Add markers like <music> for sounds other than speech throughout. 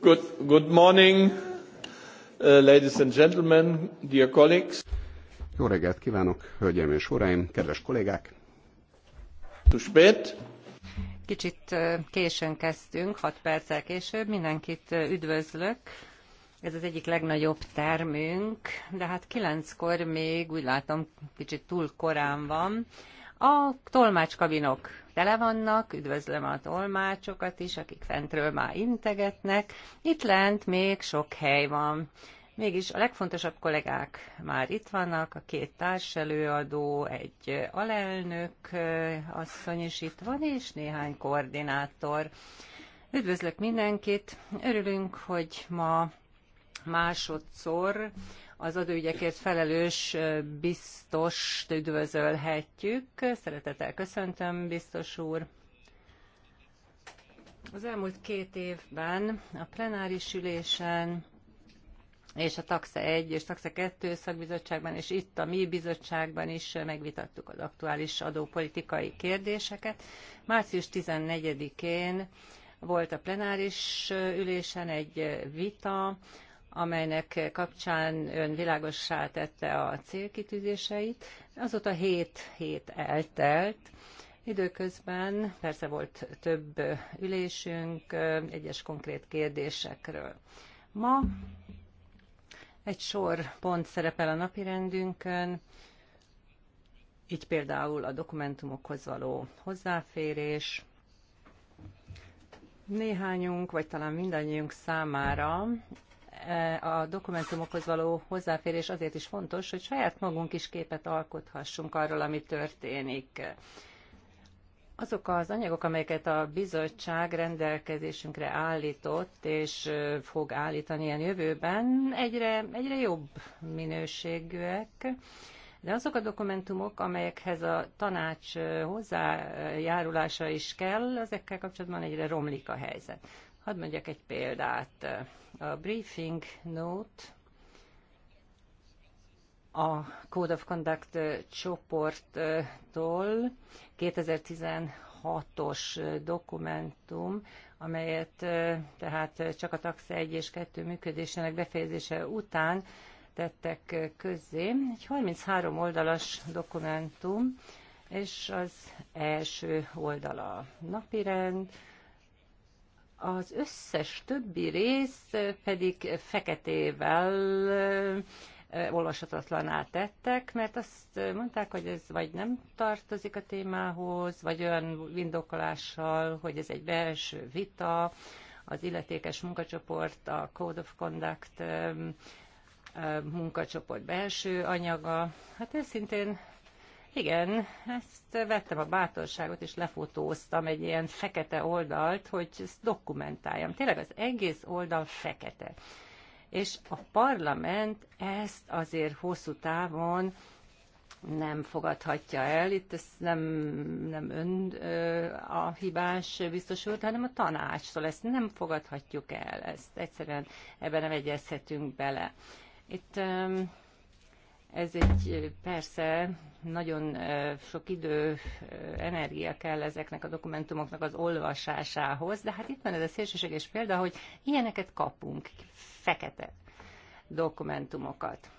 Good, good morning, uh, ladies and gentlemen, dear colleagues. Jó reggelt kívánok, hölgyeim és uraim, kedves kollégák! Too spät. Kicsit uh, későn kezdtünk, 6 perccel később. Mindenkit uh, üdvözlök. Ez az egyik legnagyobb termünk, de hát kilenckor még úgy látom kicsit túl korán van. A tolmácskabinok tele vannak, üdvözlöm a tolmácsokat is, akik fentről már integetnek. Itt lent még sok hely van. Mégis a legfontosabb kollégák már itt vannak, a két társelőadó, egy alelnök eh, asszony is itt van, és néhány koordinátor. Üdvözlök mindenkit! Örülünk, hogy ma másodszor az adóügyekért felelős biztos üdvözölhetjük. Szeretettel köszöntöm, biztos úr. Az elmúlt két évben a plenáris ülésen és a TAXE 1 és TAXE 2 szakbizottságban, és itt a mi bizottságban is megvitattuk az aktuális adópolitikai kérdéseket. Március 14-én volt a plenáris ülésen egy vita amelynek kapcsán ön világossá tette a célkitűzéseit. Azóta hét hét eltelt, Időközben persze volt több ülésünk egyes konkrét kérdésekről. Ma egy sor pont szerepel a napirendünkön, így például a dokumentumokhoz való hozzáférés. Néhányunk, vagy talán mindannyiunk számára a dokumentumokhoz való hozzáférés azért is fontos, hogy saját magunk is képet alkothassunk arról, ami történik. Azok az anyagok, amelyeket a bizottság rendelkezésünkre állított, és fog állítani ilyen jövőben, egyre, egyre jobb minőségűek, de azok a dokumentumok, amelyekhez a tanács hozzájárulása is kell, ezekkel kapcsolatban egyre romlik a helyzet. Hadd mondjak egy példát. A briefing note a Code of Conduct csoporttól 2016-os dokumentum, amelyet tehát csak a taxa 1 és 2 működésének befejezése után tettek közzé. Egy 33 oldalas dokumentum, és az első oldala napirend, az összes többi rész pedig feketével olvashatatlaná tettek, mert azt mondták, hogy ez vagy nem tartozik a témához, vagy olyan indokolással, hogy ez egy belső vita, az illetékes munkacsoport, a Code of Conduct munkacsoport belső anyaga. Hát őszintén igen, ezt vettem a bátorságot, és lefotóztam egy ilyen fekete oldalt, hogy ezt dokumentáljam. Tényleg az egész oldal fekete. És a parlament ezt azért hosszú távon nem fogadhatja el. Itt ez nem, nem ön ö, a hibás biztos úr, hanem a tanácstól. Szóval ezt nem fogadhatjuk el. Ezt egyszerűen ebben nem egyezhetünk bele. Itt ö, ez egy persze nagyon sok idő, energia kell ezeknek a dokumentumoknak az olvasásához, de hát itt van ez a szélsőséges példa, hogy ilyeneket kapunk, fekete dokumentumokat.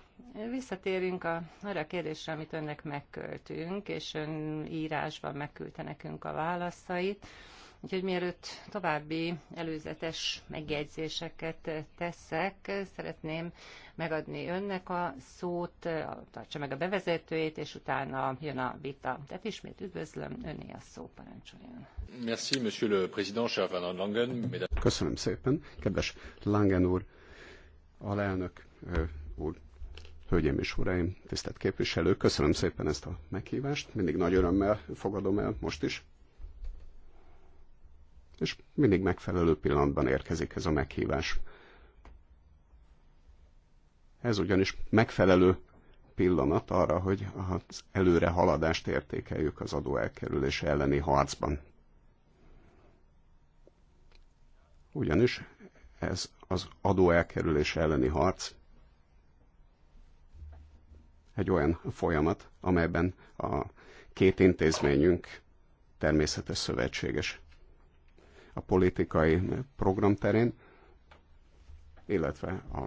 Visszatérünk a, arra a kérdésre, amit önnek megköltünk, és ön írásban megküldte nekünk a válaszait. Úgyhogy mielőtt további előzetes megjegyzéseket teszek, szeretném megadni önnek a szót, tartsa meg a bevezetőjét, és utána jön a vita. Tehát ismét üdvözlöm, öné a szó, parancsoljon. Merci, monsieur le président, cher Van Langen. Köszönöm szépen, kedves Langen úr, alelnök úr, Hölgyeim és Uraim, tisztelt képviselők, köszönöm szépen ezt a meghívást, mindig nagy örömmel fogadom el most is és mindig megfelelő pillanatban érkezik ez a meghívás. Ez ugyanis megfelelő pillanat arra, hogy az előre haladást értékeljük az adó elkerülése elleni harcban. Ugyanis ez az adó elkerülés elleni harc egy olyan folyamat, amelyben a két intézményünk természetes szövetséges a politikai program terén, illetve a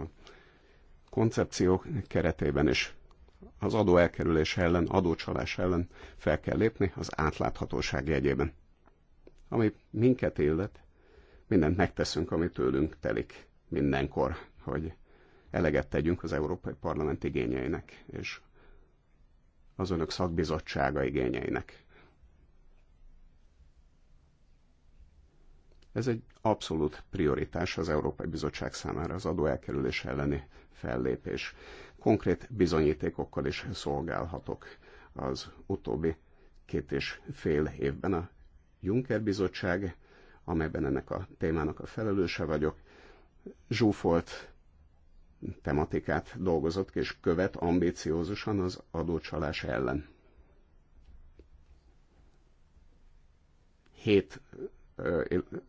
koncepciók keretében is az adó elkerülés ellen, adócsalás ellen fel kell lépni az átláthatóság jegyében. Ami minket illet, mindent megteszünk, ami tőlünk telik mindenkor, hogy eleget tegyünk az Európai Parlament igényeinek, és az önök szakbizottsága igényeinek. Ez egy abszolút prioritás az Európai Bizottság számára az adóelkerülés elleni fellépés. Konkrét bizonyítékokkal is szolgálhatok az utóbbi két és fél évben a Juncker Bizottság, amelyben ennek a témának a felelőse vagyok, zsúfolt tematikát dolgozott és követ ambíciózusan az adócsalás ellen. Hét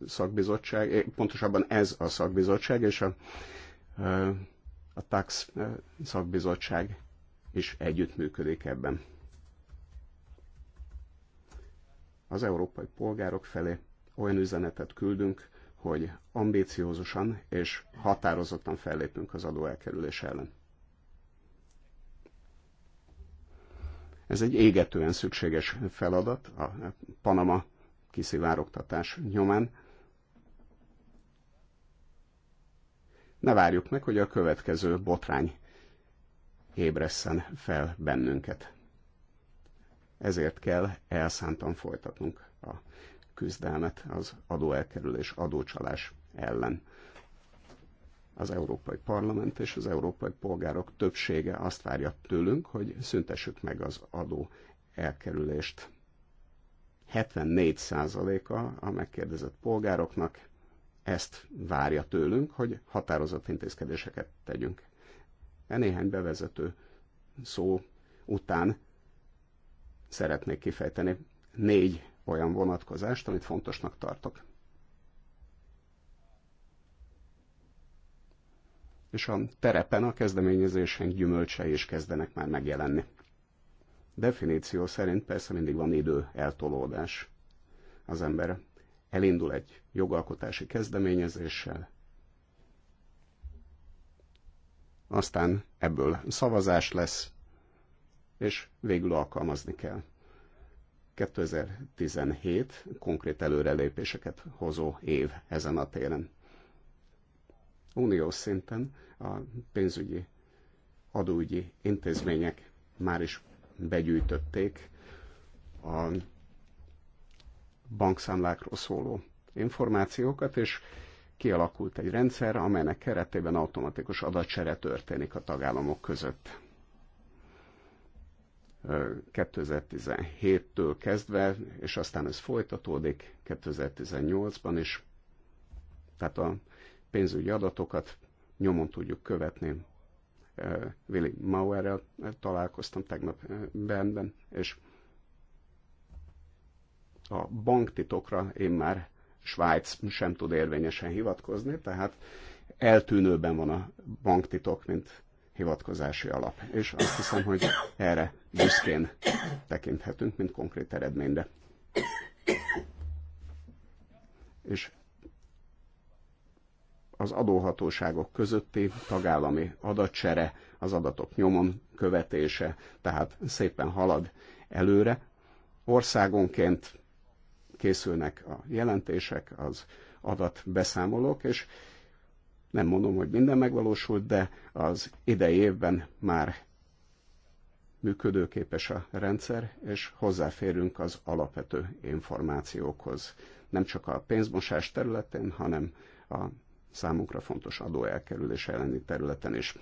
szakbizottság, pontosabban ez a szakbizottság, és a, a TAX szakbizottság is együttműködik ebben. Az európai polgárok felé olyan üzenetet küldünk, hogy ambíciózusan és határozottan fellépünk az adóelkerülés ellen. Ez egy égetően szükséges feladat, a Panama kiszivárogtatás nyomán. Ne várjuk meg, hogy a következő botrány ébresszen fel bennünket. Ezért kell elszántan folytatnunk a küzdelmet az adóelkerülés, adócsalás ellen. Az Európai Parlament és az európai polgárok többsége azt várja tőlünk, hogy szüntessük meg az adó elkerülést 74%-a a megkérdezett polgároknak ezt várja tőlünk, hogy határozott intézkedéseket tegyünk. E néhány bevezető szó után szeretnék kifejteni négy olyan vonatkozást, amit fontosnak tartok. És a terepen a kezdeményezésen gyümölcsei is kezdenek már megjelenni definíció szerint persze mindig van idő eltolódás. Az ember elindul egy jogalkotási kezdeményezéssel, aztán ebből szavazás lesz, és végül alkalmazni kell. 2017 konkrét előrelépéseket hozó év ezen a téren. Uniós szinten a pénzügyi adóügyi intézmények már is begyűjtötték a bankszámlákról szóló információkat, és kialakult egy rendszer, amelynek keretében automatikus adatsere történik a tagállamok között. 2017-től kezdve, és aztán ez folytatódik 2018-ban is. Tehát a pénzügyi adatokat nyomon tudjuk követni Willy Mauerrel találkoztam tegnap Bernben, és a banktitokra én már Svájc sem tud érvényesen hivatkozni, tehát eltűnőben van a banktitok, mint hivatkozási alap. És azt hiszem, hogy erre büszkén tekinthetünk, mint konkrét eredményre. És az adóhatóságok közötti tagállami adatsere, az adatok nyomon követése, tehát szépen halad előre. Országonként készülnek a jelentések, az adatbeszámolók, és nem mondom, hogy minden megvalósult, de az idei évben már működőképes a rendszer, és hozzáférünk az alapvető információkhoz. Nem csak a pénzmosás területén, hanem a számunkra fontos adóelkerülés elleni területen is.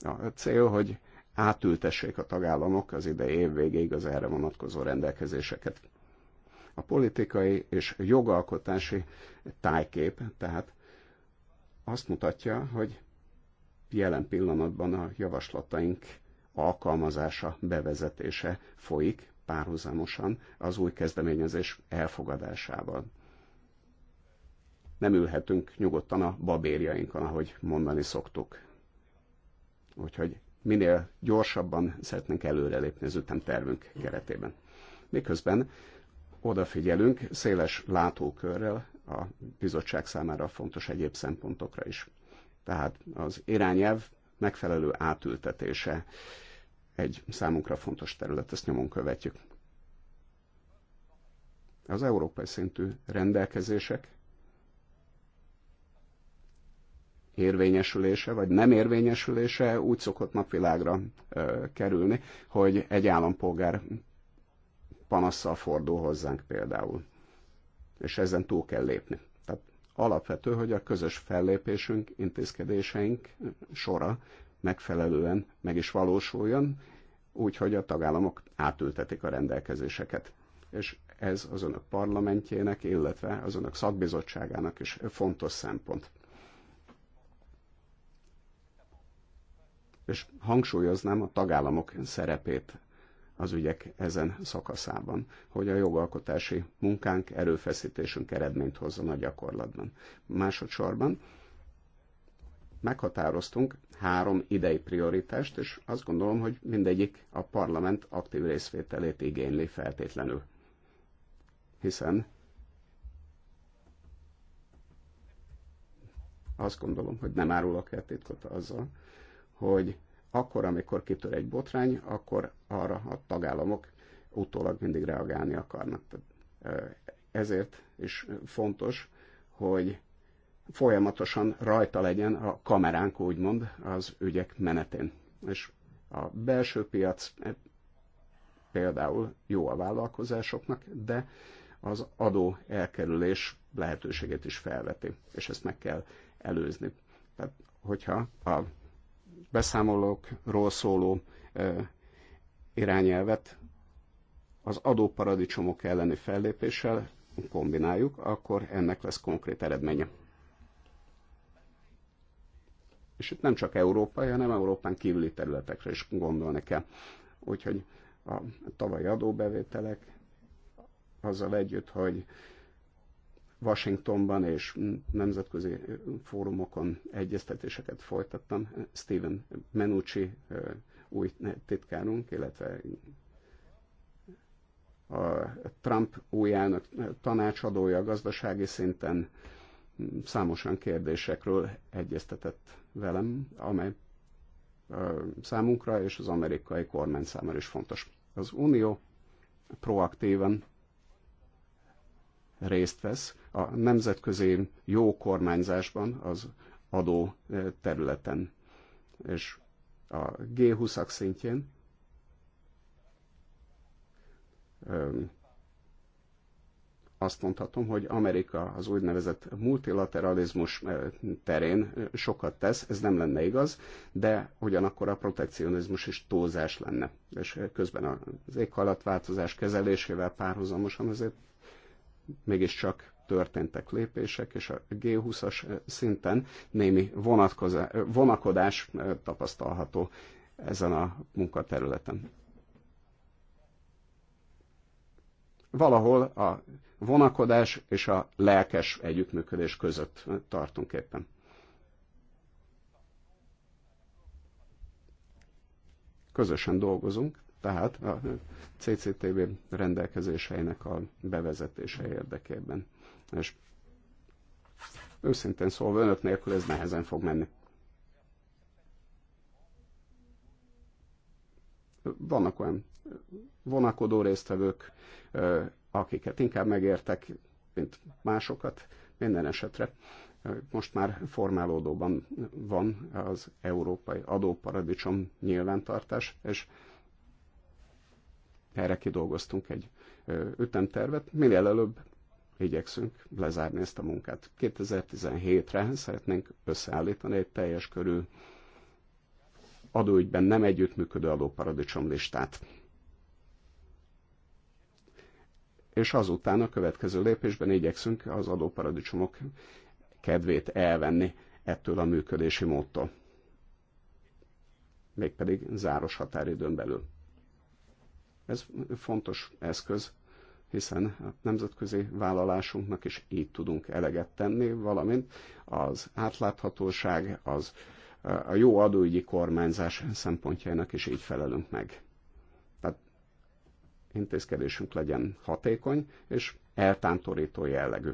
A cél, hogy átültessék a tagállamok az idei év végéig az erre vonatkozó rendelkezéseket. A politikai és jogalkotási tájkép tehát azt mutatja, hogy jelen pillanatban a javaslataink alkalmazása, bevezetése folyik párhuzamosan az új kezdeményezés elfogadásával nem ülhetünk nyugodtan a babérjainkon, ahogy mondani szoktuk. Úgyhogy minél gyorsabban szeretnénk előrelépni az ütemtervünk keretében. Miközben odafigyelünk széles látókörrel a bizottság számára fontos egyéb szempontokra is. Tehát az irányelv megfelelő átültetése egy számunkra fontos terület, ezt nyomon követjük. Az európai szintű rendelkezések érvényesülése vagy nem érvényesülése úgy szokott napvilágra ö, kerülni, hogy egy állampolgár panasszal fordul hozzánk például. És ezen túl kell lépni. Tehát alapvető, hogy a közös fellépésünk, intézkedéseink sora megfelelően meg is valósuljon, úgyhogy a tagállamok átültetik a rendelkezéseket. És ez az önök parlamentjének, illetve az önök szakbizottságának is fontos szempont. és hangsúlyoznám a tagállamok szerepét az ügyek ezen szakaszában, hogy a jogalkotási munkánk, erőfeszítésünk eredményt hozzon a gyakorlatban. Másodszorban meghatároztunk három idei prioritást, és azt gondolom, hogy mindegyik a parlament aktív részvételét igényli feltétlenül. Hiszen azt gondolom, hogy nem árulok el titkot azzal, hogy akkor, amikor kitör egy botrány, akkor arra a tagállamok utólag mindig reagálni akarnak. Ezért is fontos, hogy folyamatosan rajta legyen a kameránk, úgymond, az ügyek menetén. És a belső piac e, például jó a vállalkozásoknak, de az adó elkerülés lehetőségét is felveti, és ezt meg kell előzni. Tehát, hogyha a beszámolókról szóló irányelvet az adóparadicsomok elleni fellépéssel kombináljuk, akkor ennek lesz konkrét eredménye. És itt nem csak európai, hanem Európán kívüli területekre is gondolni kell. Úgyhogy a tavalyi adóbevételek azzal együtt, hogy Washingtonban és nemzetközi fórumokon egyeztetéseket folytattam Steven Menucci új titkárunk, illetve a Trump új elnök tanácsadója gazdasági szinten számosan kérdésekről egyeztetett velem, amely számunkra és az amerikai kormány számára is fontos. Az Unió proaktíven részt vesz a nemzetközi jó kormányzásban az adó eh, területen. És a G20-ak szintjén ehm, azt mondhatom, hogy Amerika az úgynevezett multilateralizmus eh, terén eh, sokat tesz, ez nem lenne igaz, de ugyanakkor a protekcionizmus is túlzás lenne. És közben az éghajlatváltozás kezelésével párhuzamosan azért mégiscsak történtek lépések, és a G20-as eh, szinten némi vonakodás eh, tapasztalható ezen a munkaterületen. Valahol a vonakodás és a lelkes együttműködés között eh, tartunk éppen. Közösen dolgozunk tehát a CCTV rendelkezéseinek a bevezetése érdekében. És őszintén szólva önök nélkül ez nehezen fog menni. Vannak olyan vonakodó résztvevők, akiket inkább megértek, mint másokat, minden esetre most már formálódóban van az európai adóparadicsom nyilvántartás, és erre kidolgoztunk egy ütemtervet, minél előbb igyekszünk lezárni ezt a munkát. 2017-re szeretnénk összeállítani egy teljes körű adóügyben nem együttműködő adóparadicsom listát. És azután a következő lépésben igyekszünk az adóparadicsomok kedvét elvenni ettől a működési módtól. Mégpedig záros határidőn belül. Ez fontos eszköz, hiszen a nemzetközi vállalásunknak is így tudunk eleget tenni, valamint az átláthatóság, az a jó adóügyi kormányzás szempontjainak is így felelünk meg. Tehát intézkedésünk legyen hatékony és eltántorító jellegű.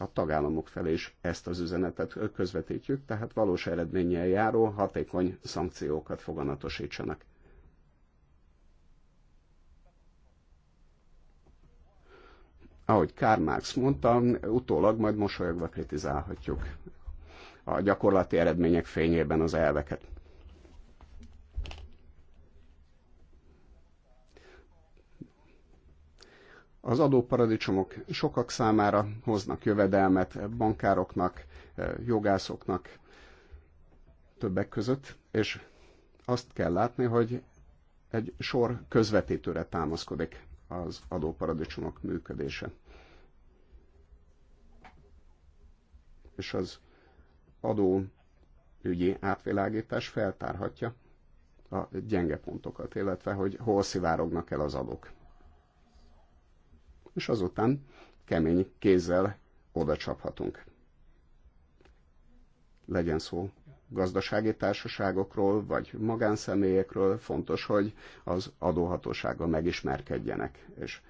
a tagállamok felé is ezt az üzenetet közvetítjük, tehát valós eredménnyel járó, hatékony szankciókat foganatosítsanak. Ahogy Karl Marx mondta, utólag majd mosolyogva kritizálhatjuk a gyakorlati eredmények fényében az elveket. Az adóparadicsomok sokak számára hoznak jövedelmet, bankároknak, eh, jogászoknak, többek között, és azt kell látni, hogy egy sor közvetítőre támaszkodik az adóparadicsomok működése. És az adó ügyi átvilágítás feltárhatja a gyenge pontokat, illetve hogy hol szivárognak el az adók és azután kemény kézzel oda csaphatunk. Legyen szó gazdasági társaságokról, vagy magánszemélyekről, fontos, hogy az adóhatósággal megismerkedjenek, és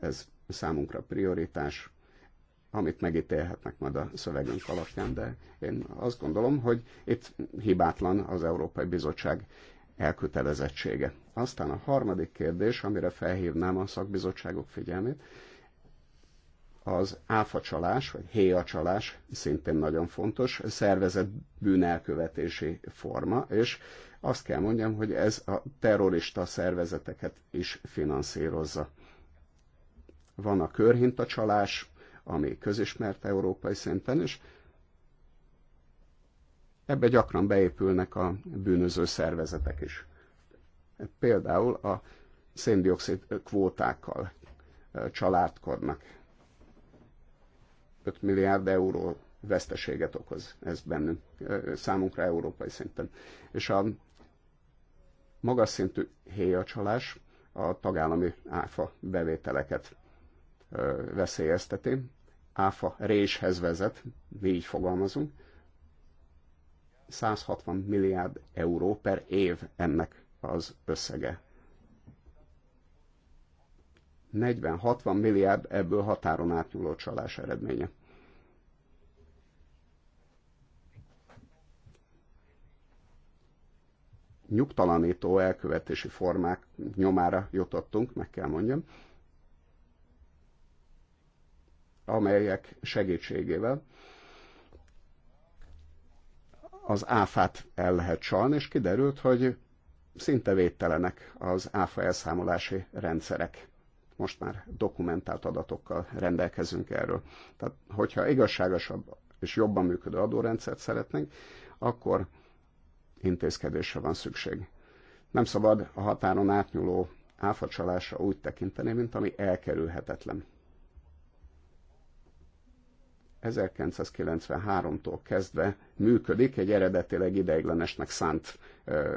ez számunkra prioritás, amit megítélhetnek majd a szövegünk alapján, de én azt gondolom, hogy itt hibátlan az Európai Bizottság elkötelezettsége. Aztán a harmadik kérdés, amire felhívnám a szakbizottságok figyelmét, az áfacsalás, vagy csalás, szintén nagyon fontos, szervezett bűnelkövetési forma, és azt kell mondjam, hogy ez a terrorista szervezeteket is finanszírozza. Van a körhintacsalás, ami közismert európai szinten, és Ebbe gyakran beépülnek a bűnöző szervezetek is. Például a széndiokszid kvótákkal családkornak 5 milliárd euró veszteséget okoz ez bennünk, számunkra európai szinten. És a magas szintű héjacsalás a tagállami áfa bevételeket veszélyezteti, áfa réshez vezet, mi így fogalmazunk, 160 milliárd euró per év ennek az összege. 40-60 milliárd ebből határon átnyúló csalás eredménye. Nyugtalanító elkövetési formák nyomára jutottunk, meg kell mondjam, amelyek segítségével az áfát el lehet csalni, és kiderült, hogy szinte védtelenek az áfa elszámolási rendszerek. Most már dokumentált adatokkal rendelkezünk erről. Tehát, hogyha igazságosabb és jobban működő adórendszert szeretnénk, akkor intézkedésre van szükség. Nem szabad a határon átnyúló áfacsalásra úgy tekinteni, mint ami elkerülhetetlen. 1993-tól kezdve működik egy eredetileg ideiglenesnek szánt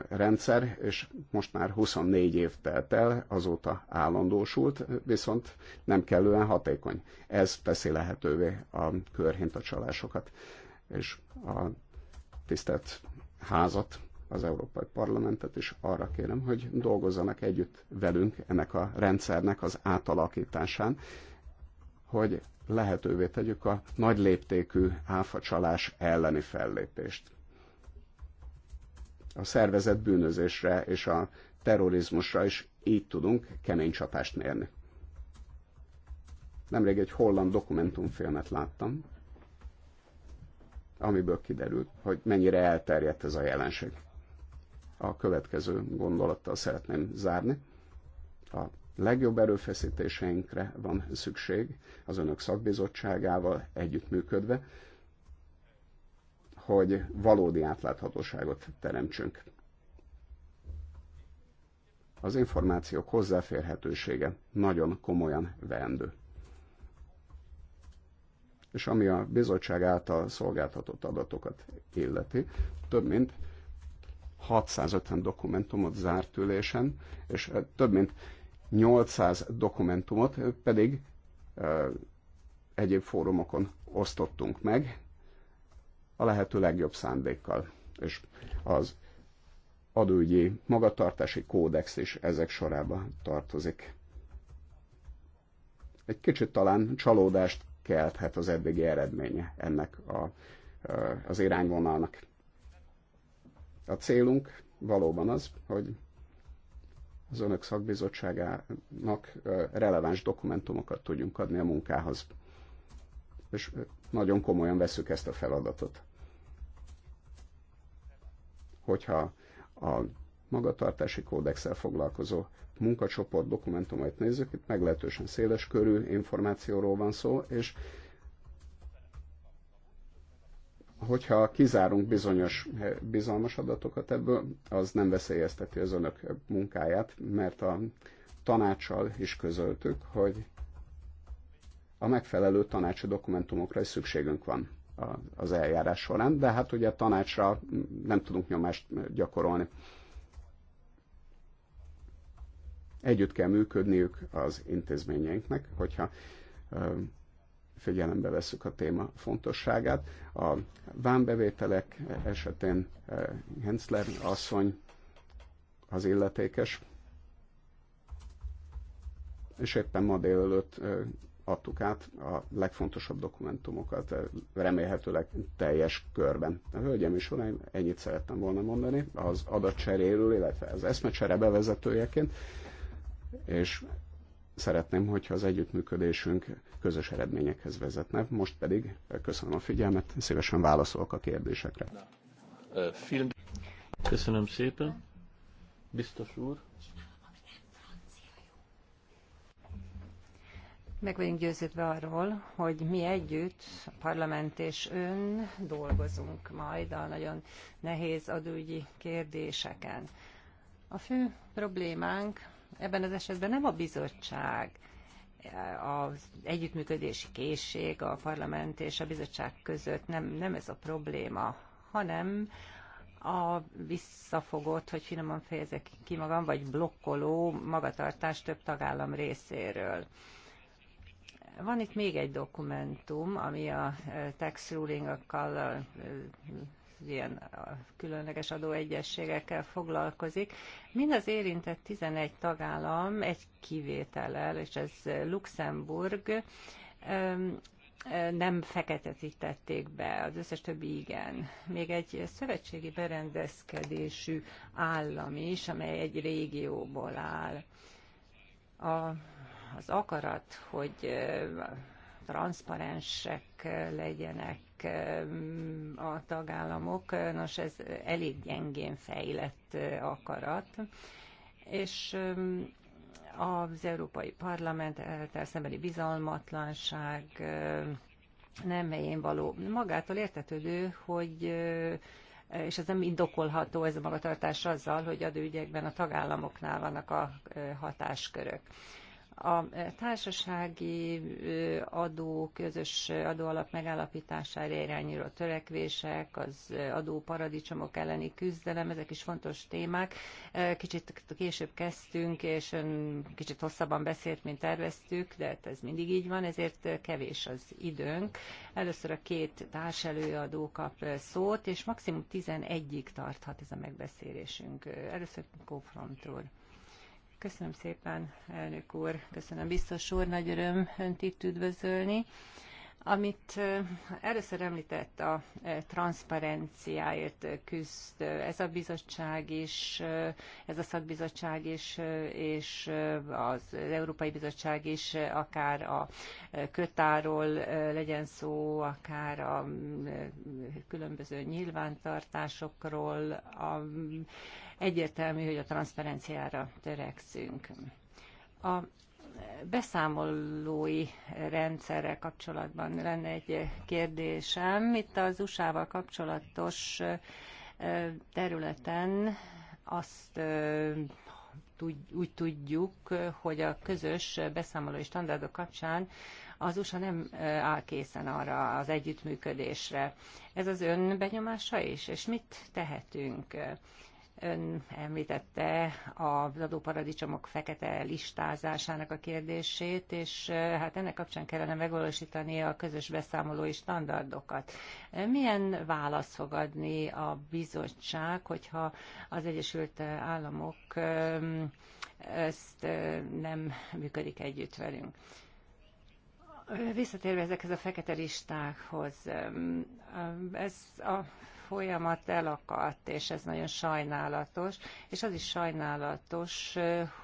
rendszer, és most már 24 év telt el, azóta állandósult, viszont nem kellően hatékony. Ez teszi lehetővé a csalásokat, És a tisztelt házat, az Európai Parlamentet is arra kérem, hogy dolgozzanak együtt velünk ennek a rendszernek az átalakításán, hogy lehetővé tegyük a nagy léptékű áfacsalás elleni fellépést. A szervezet bűnözésre és a terrorizmusra is így tudunk kemény csapást mérni. Nemrég egy holland dokumentumfilmet láttam, amiből kiderült, hogy mennyire elterjedt ez a jelenség. A következő gondolattal szeretném zárni. A legjobb erőfeszítéseinkre van szükség az önök szakbizottságával együttműködve, hogy valódi átláthatóságot teremtsünk. Az információk hozzáférhetősége nagyon komolyan veendő. És ami a bizottság által szolgáltatott adatokat illeti, több mint 650 dokumentumot zárt ülésen, és eh, több mint 800 dokumentumot pedig egyéb fórumokon osztottunk meg a lehető legjobb szándékkal. És az adóügyi magatartási kódex is ezek sorába tartozik. Egy kicsit talán csalódást kelthet az eddigi eredménye ennek a, az irányvonalnak. A célunk valóban az, hogy az önök szakbizottságának releváns dokumentumokat tudjunk adni a munkához. És nagyon komolyan veszük ezt a feladatot. Hogyha a magatartási kódexsel foglalkozó munkacsoport dokumentumait nézzük, itt meglehetősen széles körű információról van szó, és hogyha kizárunk bizonyos eh, bizalmas adatokat ebből, az nem veszélyezteti az önök munkáját, mert a tanácssal is közöltük, hogy a megfelelő tanácsi dokumentumokra is szükségünk van az eljárás során, de hát ugye a tanácsra nem tudunk nyomást gyakorolni. Együtt kell működniük az intézményeinknek, hogyha eh, figyelembe veszük a téma fontosságát. A vámbevételek esetén eh, Hensler asszony az illetékes, és éppen ma délelőtt eh, adtuk át a legfontosabb dokumentumokat, eh, remélhetőleg teljes körben. A hölgyem is uraim, ennyit szerettem volna mondani az adatcseréről, illetve az eszmecsere bevezetőjeként, és szeretném, hogyha az együttműködésünk közös eredményekhez vezetne. Most pedig köszönöm a figyelmet, szívesen válaszolok a kérdésekre. Köszönöm szépen. Biztos úr. Meg vagyunk győződve arról, hogy mi együtt, a parlament és ön dolgozunk majd a nagyon nehéz adóügyi kérdéseken. A fő problémánk ebben az esetben nem a bizottság, az együttműködési készség a parlament és a bizottság között nem, nem ez a probléma, hanem a visszafogott, hogy finoman fejezek ki magam, vagy blokkoló magatartás több tagállam részéről. Van itt még egy dokumentum, ami a eh, tax ruling-akkal eh, ilyen különleges adóegyességekkel foglalkozik. az érintett 11 tagállam egy kivétellel, és ez Luxemburg, nem feketetítették be, az összes többi igen. Még egy szövetségi berendezkedésű állam is, amely egy régióból áll. A, az akarat, hogy transzparensek legyenek Eh, a tagállamok. Nos, ez elég gyengén fejlett eh, akarat. És eh, az Európai Parlament szembeni bizalmatlanság nem helyén való. Magától értetődő, hogy és ez nem indokolható ez a magatartás azzal, hogy adóügyekben a tagállamoknál vannak a hatáskörök. A e, társasági e, adó, közös adóalap megállapítására irányuló törekvések, az e, adóparadicsomok elleni küzdelem, ezek is fontos témák. Kicsit később kezdtünk, és ön kicsit hosszabban beszélt, mint terveztük, de hát ez mindig így van, ezért kevés az időnk. Először a két társelőadó kap szót, és maximum 11-ig tarthat ez a megbeszélésünk. Először Kófrontról. Köszönöm szépen, elnök úr, köszönöm biztos úr, nagy öröm önt itt üdvözölni. Amit először említett a transzparenciáért küzd ez a bizottság is, ez a szakbizottság is, és az Európai Bizottság is, akár a kötáról legyen szó, akár a különböző nyilvántartásokról, a Egyértelmű, hogy a transzferenciára törekszünk. A beszámolói rendszerrel kapcsolatban lenne egy kérdésem. Itt az USA-val kapcsolatos területen azt úgy tudjuk, hogy a közös beszámolói standardok kapcsán az USA nem áll készen arra az együttműködésre. Ez az ön benyomása is, és mit tehetünk? Ön említette az adóparadicsomok fekete listázásának a kérdését, és hát ennek kapcsán kellene megvalósítani a közös beszámolói standardokat. Milyen válasz fog adni a bizottság, hogyha az Egyesült Államok ezt nem működik együtt velünk? Visszatérve ezekhez a fekete listákhoz, ez a folyamat elakadt, és ez nagyon sajnálatos, és az is sajnálatos,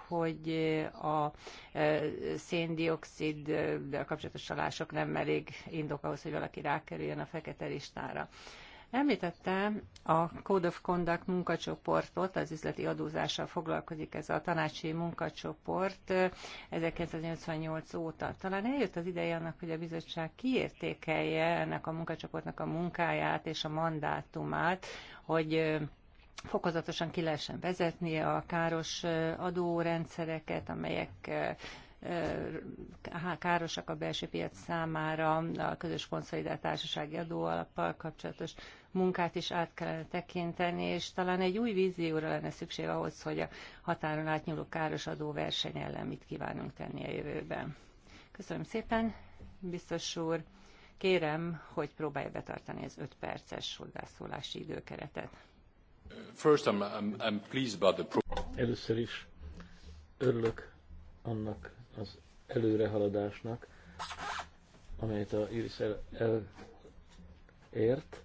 hogy a e, széndiokszid kapcsolatos csalások nem elég indok ahhoz, hogy valaki rákerüljön a fekete listára. Említette a Code of Conduct munkacsoportot, az üzleti adózással foglalkozik ez a tanácsi munkacsoport 1988 eh, óta. Talán eljött az ideje annak, hogy a bizottság kiértékelje ennek a munkacsoportnak a munkáját és a mandátumát, hogy eh, fokozatosan ki lehessen vezetni a káros eh, adórendszereket, amelyek károsak a belső piac számára, a közös konszolidált társasági adóalappal kapcsolatos munkát is át kellene tekinteni, és talán egy új vízióra lenne szükség ahhoz, hogy a határon átnyúló káros adóverseny ellen mit kívánunk tenni a jövőben. Köszönöm szépen, biztos úr. Kérem, hogy próbálja betartani az 5 perces hozzászólási időkeretet. First, I'm, I'm, I'm pleased about the Először is örülök annak, az előrehaladásnak, amelyet a Iris el, elért.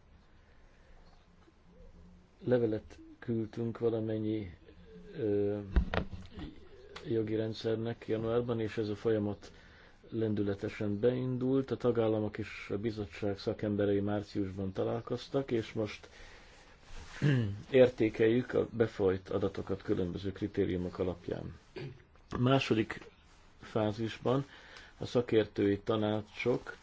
Levelet küldtünk valamennyi ö, jogi rendszernek januárban, és ez a folyamat lendületesen beindult. A tagállamok és a bizottság szakemberei márciusban találkoztak, és most <clears throat> értékeljük a befolyt adatokat különböző kritériumok alapján. A második fázisban a szakértői tanácsok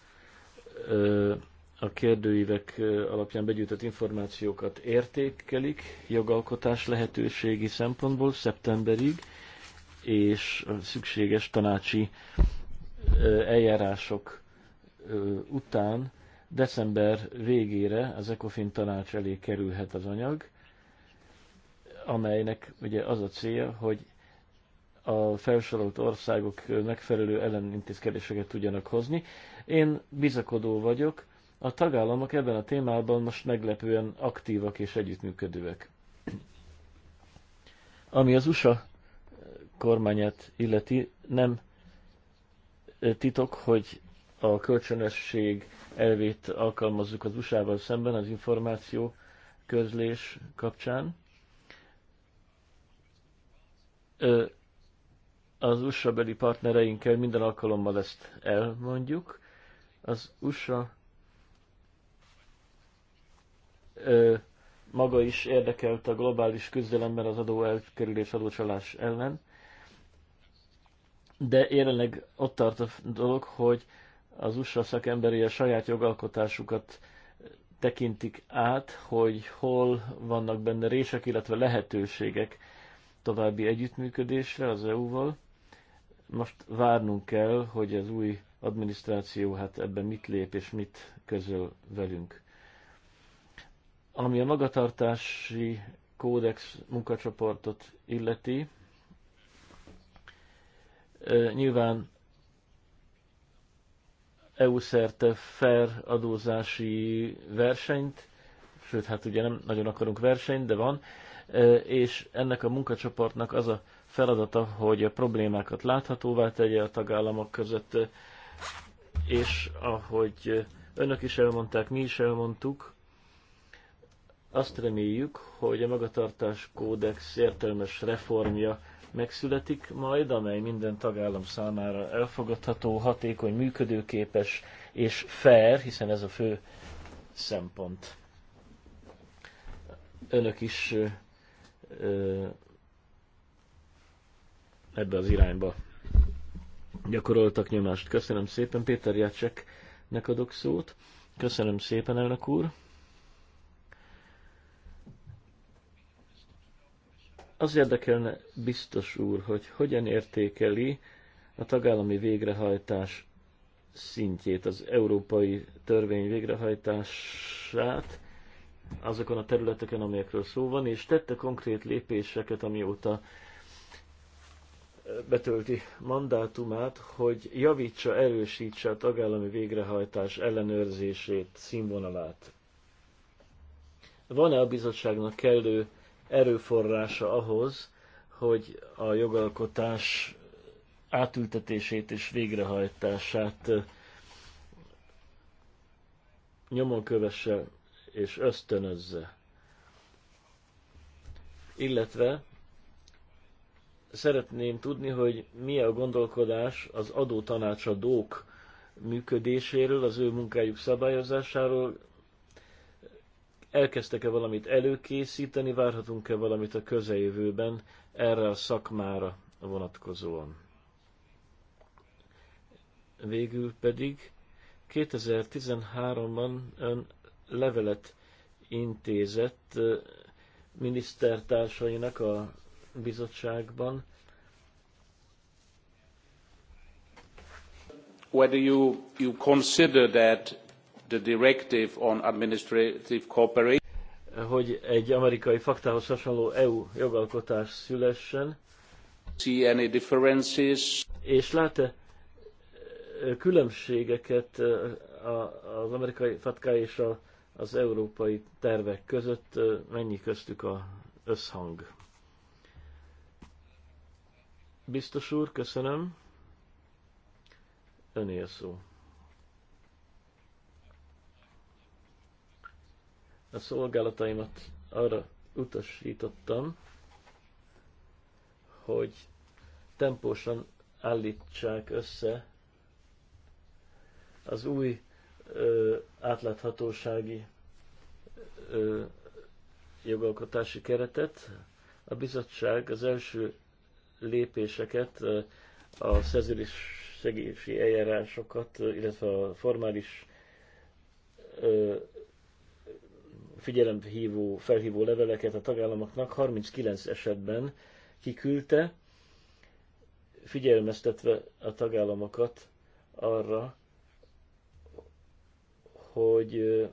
a kérdőívek alapján begyűjtött információkat értékelik jogalkotás lehetőségi szempontból szeptemberig, és a szükséges tanácsi eljárások után december végére az ECOFIN tanács elé kerülhet az anyag, amelynek ugye az a célja, hogy a felsorolt országok megfelelő ellenintézkedéseket tudjanak hozni. Én bizakodó vagyok, a tagállamok ebben a témában most meglepően aktívak és együttműködőek. Ami az USA kormányát illeti, nem titok, hogy a kölcsönösség elvét alkalmazzuk az USA-val szemben az információ közlés kapcsán az USA beli partnereinkkel minden alkalommal ezt elmondjuk. Az USA ö, maga is érdekelt a globális küzdelemben az adó elkerülés adócsalás ellen, de jelenleg ott tart a dolog, hogy az USA szakemberi a saját jogalkotásukat tekintik át, hogy hol vannak benne rések, illetve lehetőségek további együttműködésre az EU-val. Most várnunk kell, hogy az új adminisztráció hát ebben mit lép és mit közöl velünk. Ami a magatartási kódex munkacsoportot illeti, nyilván EU-szerte fair adózási versenyt, sőt, hát ugye nem nagyon akarunk versenyt, de van, és ennek a munkacsoportnak az a feladata, hogy a problémákat láthatóvá tegye a tagállamok között, és ahogy önök is elmondták, mi is elmondtuk, azt reméljük, hogy a magatartás kódex értelmes reformja megszületik majd, amely minden tagállam számára elfogadható, hatékony, működőképes és fair, hiszen ez a fő szempont. Önök is ebbe az irányba gyakoroltak nyomást. Köszönöm szépen, Péter Jacseknek adok szót. Köszönöm szépen, elnök úr. Az érdekelne biztos úr, hogy hogyan értékeli a tagállami végrehajtás szintjét, az európai törvény végrehajtását azokon a területeken, amelyekről szó van, és tette konkrét lépéseket, amióta betölti mandátumát, hogy javítsa, erősítse a tagállami végrehajtás ellenőrzését, színvonalát. Van-e a bizottságnak kellő erőforrása ahhoz, hogy a jogalkotás átültetését és végrehajtását nyomon kövesse és ösztönözze? Illetve szeretném tudni, hogy mi a gondolkodás az tanácsadók működéséről, az ő munkájuk szabályozásáról. Elkezdtek-e valamit előkészíteni, várhatunk-e valamit a közeljövőben erre a szakmára vonatkozóan? Végül pedig 2013-ban ön levelet intézett minisztertársainak a bizottságban. Whether you, you consider that the directive on administrative cooperation hogy egy amerikai faktához hasonló EU jogalkotás szülessen. See any differences? És lát-e különbségeket az amerikai fatká és az európai tervek között? Mennyi köztük a összhang? Biztos úr, köszönöm. Öné a szó. A szolgálataimat arra utasítottam, hogy tempósan állítsák össze az új ö, átláthatósági ö, jogalkotási keretet. A bizottság az első lépéseket, a szerződéssegési eljárásokat, illetve a formális figyelemhívó, felhívó leveleket a tagállamoknak 39 esetben kiküldte, figyelmeztetve a tagállamokat arra, hogy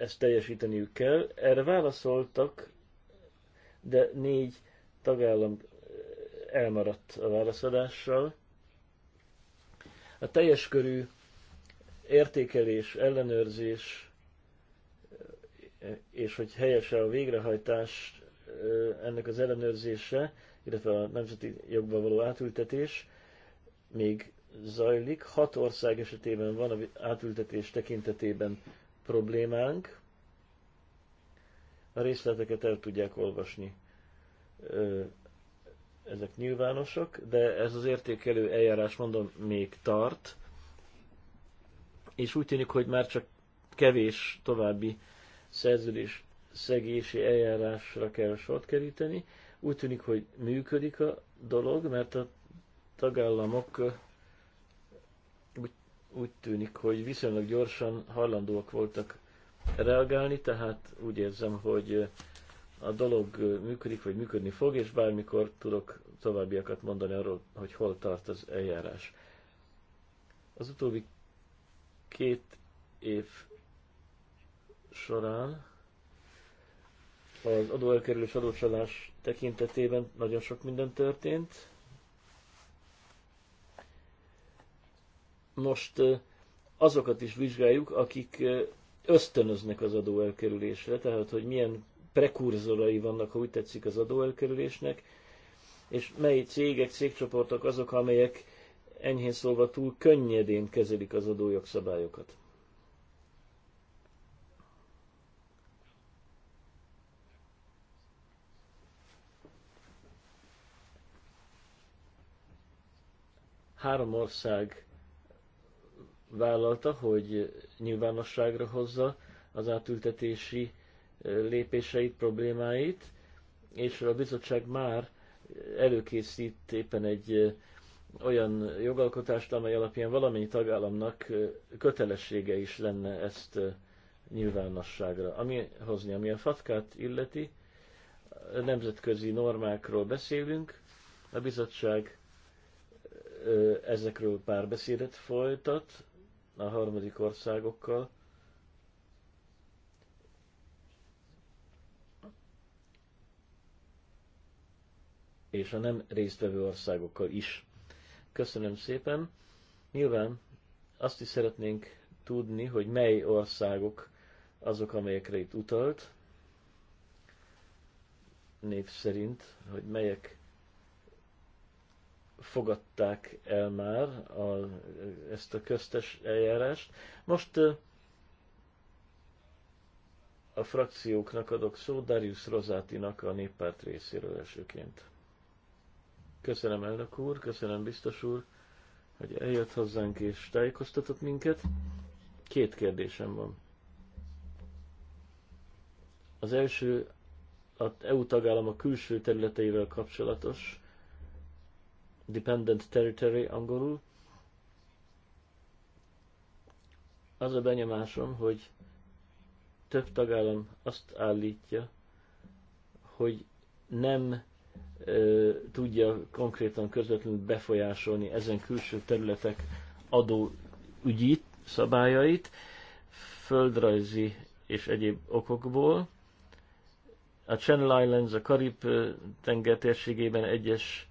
ezt teljesíteniük kell. Erre válaszoltak, de négy tagállam elmaradt a válaszadással. A teljes körű értékelés, ellenőrzés, és hogy helyese a végrehajtás ennek az ellenőrzése, illetve a nemzeti jogba való átültetés még zajlik. Hat ország esetében van a átültetés tekintetében problémánk. A részleteket el tudják olvasni ezek nyilvánosak, de ez az értékelő eljárás, mondom, még tart, és úgy tűnik, hogy már csak kevés további szerződés szegési eljárásra kell sort keríteni. Úgy tűnik, hogy működik a dolog, mert a tagállamok úgy, úgy tűnik, hogy viszonylag gyorsan hajlandóak voltak reagálni, tehát úgy érzem, hogy a dolog működik, vagy működni fog, és bármikor tudok továbbiakat mondani arról, hogy hol tart az eljárás. Az utóbbi két év során az adóelkerülés adócsalás tekintetében nagyon sok minden történt. Most azokat is vizsgáljuk, akik ösztönöznek az adóelkerülésre, tehát hogy milyen prekurzorai vannak, ha úgy tetszik, az adóelkerülésnek, és mely cégek, cégcsoportok azok, amelyek enyhén szólva túl könnyedén kezelik az adójogszabályokat. Három ország vállalta, hogy nyilvánosságra hozza az átültetési lépéseit, problémáit, és a bizottság már előkészít éppen egy olyan jogalkotást, amely alapján valamennyi tagállamnak kötelessége is lenne ezt nyilvánosságra. Ami hozni, ami a fatkát illeti, nemzetközi normákról beszélünk, a bizottság ezekről párbeszédet folytat a harmadik országokkal, és a nem résztvevő országokkal is. Köszönöm szépen. Nyilván azt is szeretnénk tudni, hogy mely országok azok, amelyekre itt utalt, név szerint, hogy melyek fogadták el már a, ezt a köztes eljárást. Most a frakcióknak adok szó, Darius Rozátinak a néppárt részéről elsőként. Köszönöm elnök úr, köszönöm biztos úr, hogy eljött hozzánk és tájékoztatott minket. Két kérdésem van. Az első az EU tagállamok külső területeivel kapcsolatos, dependent territory angolul. Az a benyomásom, hogy több tagállam azt állítja, hogy nem tudja konkrétan közvetlenül befolyásolni ezen külső területek adó adóügyi szabályait, földrajzi és egyéb okokból. A Channel Islands, a Karib tenger térségében egyes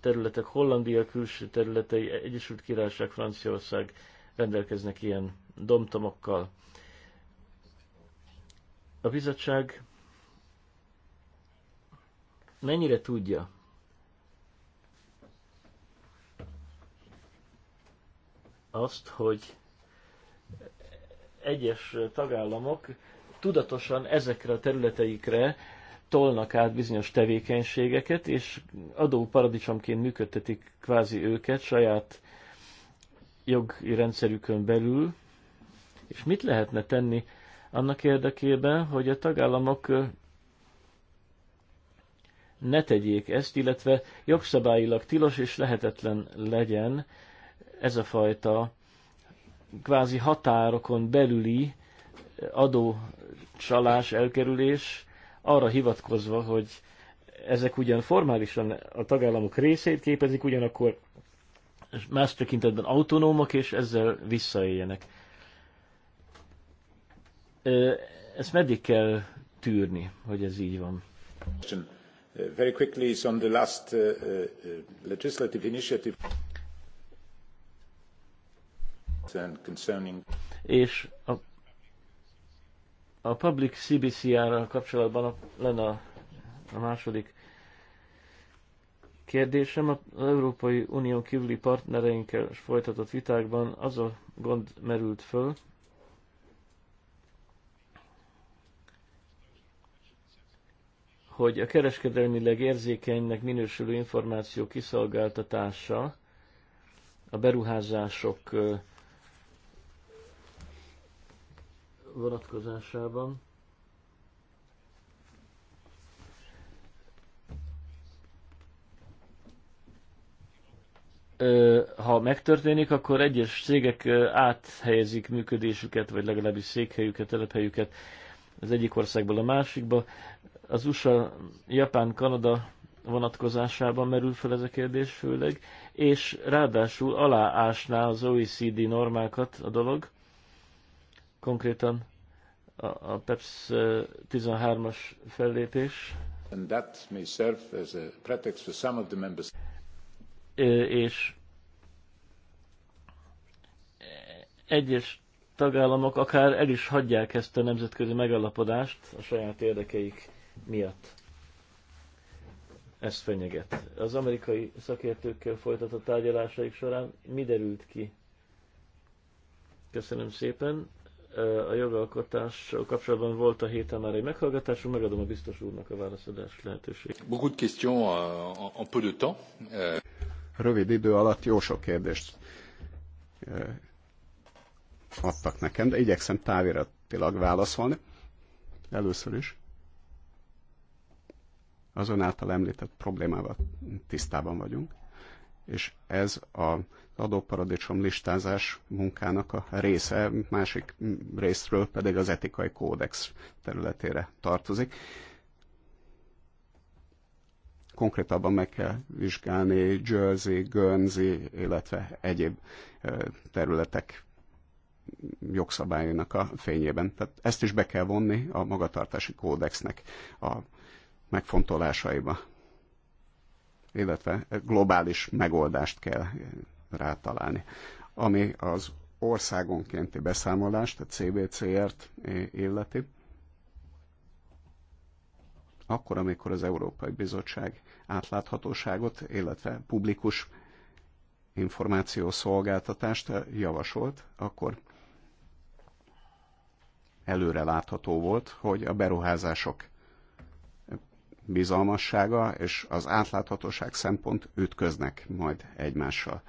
területek, Hollandia külső területei, Egyesült Királyság, Franciaország rendelkeznek ilyen domtomokkal. A bizottság mennyire tudja, azt, hogy egyes tagállamok tudatosan ezekre a területeikre tolnak át bizonyos tevékenységeket, és adóparadicsomként működtetik kvázi őket saját jogi rendszerükön belül. És mit lehetne tenni annak érdekében, hogy a tagállamok ne tegyék ezt, illetve jogszabályilag tilos és lehetetlen legyen ez a fajta kvázi határokon belüli adócsalás, elkerülés, arra hivatkozva, hogy ezek ugyan formálisan a tagállamok részét képezik, ugyanakkor más tekintetben autonómak, és ezzel visszaéljenek. Ezt meddig kell tűrni, hogy ez így van? Köszönöm. Uh, very quickly is on the last uh, uh, legislative initiative concerning és a, a public cbcr kapcsolatban a, lenne a, a második kérdésem. Az Európai Unió kívüli partnereinkkel folytatott vitákban az a gond merült föl, hogy a kereskedelmileg érzékenynek minősülő információ kiszolgáltatása a beruházások vonatkozásában ha megtörténik, akkor egyes cégek áthelyezik működésüket, vagy legalábbis székhelyüket, telephelyüket az egyik országból a másikba. Az USA, Japán, Kanada vonatkozásában merül fel ez a kérdés főleg, és ráadásul aláásná az OECD normákat a dolog, konkrétan a, a PEPS 13-as fellépés. And that may serve as a pretext for some of the members. És egyes tagállamok akár el is hagyják ezt a nemzetközi megalapodást a saját érdekeik miatt ezt fenyeget. Az amerikai szakértőkkel folytatott tárgyalásaik során mi derült ki? Köszönöm szépen. A jogalkotással kapcsolatban volt a héten már egy meghallgatás, megadom a biztos úrnak a válaszadás lehetőségét. Beaucoup de questions euh, en peu de temps. Euh. Rövid idő alatt jó sok kérdést adtak nekem, de igyekszem táviratilag válaszolni. Először is ön által említett problémával tisztában vagyunk, és ez az adóparadicsom listázás munkának a része, másik részről pedig az etikai kódex területére tartozik. Konkrétabban meg kell vizsgálni Jersey, Guernsey, illetve egyéb területek jogszabályainak a fényében. Tehát ezt is be kell vonni a magatartási kódexnek a megfontolásaiba, illetve globális megoldást kell rátalálni, ami az országonkénti beszámolást, a CBCR-t illeti, akkor, amikor az Európai Bizottság átláthatóságot, illetve publikus információszolgáltatást javasolt, akkor előre látható volt, hogy a beruházások bizalmassága és az átláthatóság szempont ütköznek majd egymással.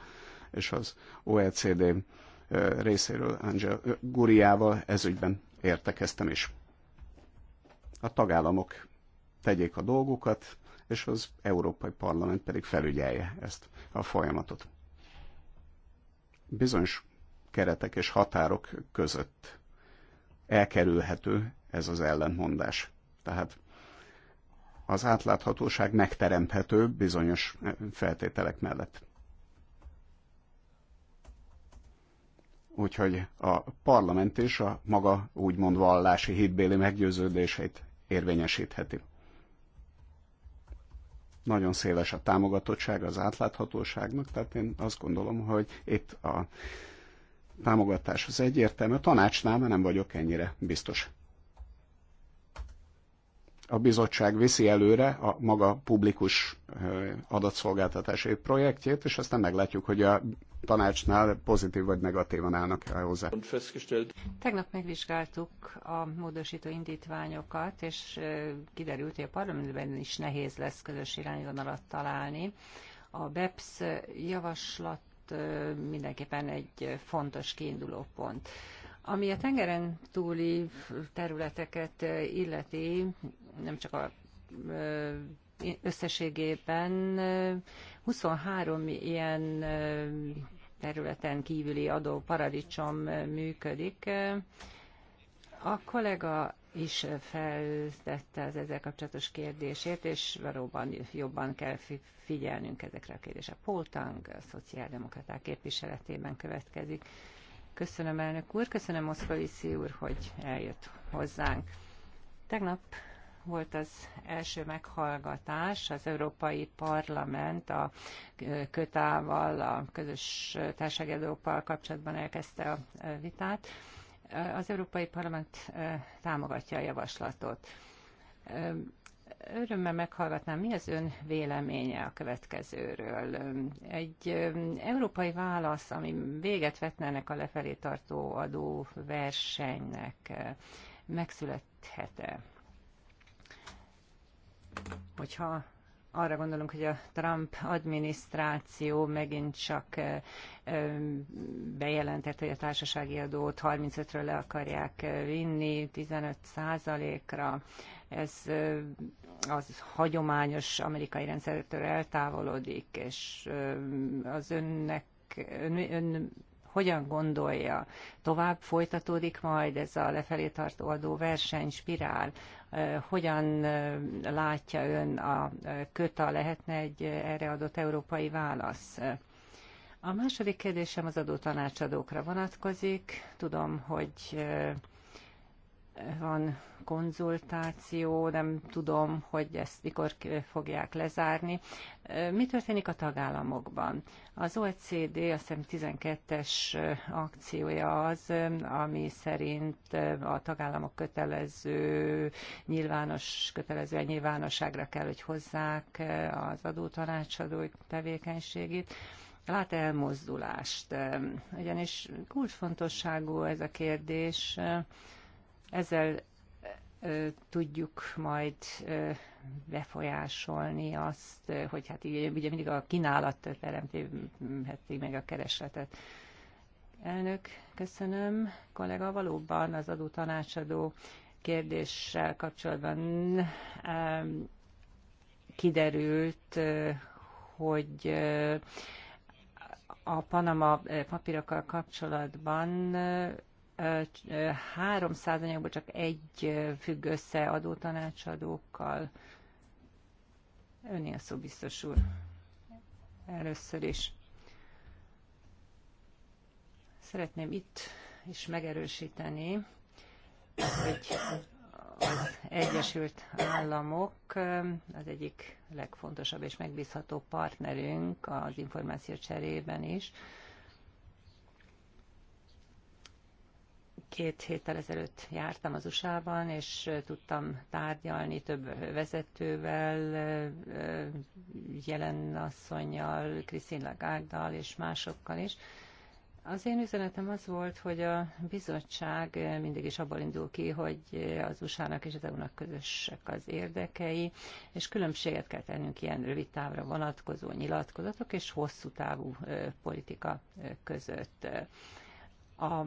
És az OECD részéről Angel Guriával ezügyben értekeztem is. A tagállamok tegyék a dolgukat, és az Európai Parlament pedig felügyelje ezt a folyamatot. Bizonyos keretek és határok között elkerülhető ez az ellentmondás. Tehát az átláthatóság megteremthető bizonyos feltételek mellett. Úgyhogy a parlament is a maga úgymond vallási hitbéli meggyőződéseit érvényesítheti. Nagyon széles a támogatottság az átláthatóságnak, tehát én azt gondolom, hogy itt a támogatás az egyértelmű. A tanácsnál már nem vagyok ennyire biztos a bizottság viszi előre a maga publikus adatszolgáltatási projektjét, és aztán meglátjuk, hogy a tanácsnál pozitív vagy negatívan állnak el hozzá. Tegnap megvizsgáltuk a módosító indítványokat, és kiderült, hogy a parlamentben is nehéz lesz közös irányvonalat találni. A BEPS javaslat mindenképpen egy fontos kiinduló pont. Ami a tengeren túli területeket illeti, nem csak a összességében 23 ilyen területen kívüli adó paradicsom működik. A kollega is feltette az ezzel kapcsolatos kérdését, és valóban jobban kell figyelnünk ezekre a kérdésre. Poltang szociáldemokraták képviseletében következik. Köszönöm elnök úr, köszönöm Moszkvalici úr, hogy eljött hozzánk. Tegnap volt az első meghallgatás, az Európai Parlament a kötával, a közös társadalmi kapcsolatban elkezdte a vitát. Az Európai Parlament támogatja a javaslatot. Örömmel meghallgatnám, mi az ön véleménye a következőről. Egy európai válasz, ami véget vetne ennek a lefelé tartó adó versenynek, megszülethet-e? hogyha arra gondolunk, hogy a Trump adminisztráció megint csak bejelentett, hogy a társasági adót 35-ről le akarják vinni 15 ra ez az hagyományos amerikai rendszertől eltávolodik, és az önnek ön, ön hogyan gondolja. Tovább folytatódik majd ez a lefelé tartó verseny spirál. Hogyan látja ön a köta? Lehetne egy erre adott európai válasz? A második kérdésem az adótanácsadókra vonatkozik. Tudom, hogy van konzultáció, nem tudom, hogy ezt mikor fogják lezárni. Mi történik a tagállamokban? Az OECD, azt hiszem 12-es akciója az, ami szerint a tagállamok kötelező nyilvános, kötelezően nyilvánosságra kell, hogy hozzák az adótanácsadók tevékenységét lát elmozdulást. Ugyanis kulcsfontosságú ez a kérdés, ezzel tudjuk majd befolyásolni azt, hogy hát így ugye mindig a kínálat teremtheti meg a keresletet. Elnök, köszönöm. Kollega, valóban az adó tanácsadó kérdéssel kapcsolatban kiderült, hogy a Panama papírokkal kapcsolatban 300 százanyagból csak egy függ össze adótanácsadókkal. Önél szó biztos úr. Először is. Szeretném itt is megerősíteni, hogy az Egyesült Államok az egyik legfontosabb és megbízható partnerünk az információ cserében is Két héttel ezelőtt jártam az USA-ban, és tudtam tárgyalni több vezetővel, jelen asszonynal, Krisztin Lagárdal és másokkal is. Az én üzenetem az volt, hogy a bizottság mindig is abból indul ki, hogy az USA-nak és az EU-nak közösek az érdekei, és különbséget kell tennünk ilyen rövid távra vonatkozó nyilatkozatok és hosszú távú politika között. A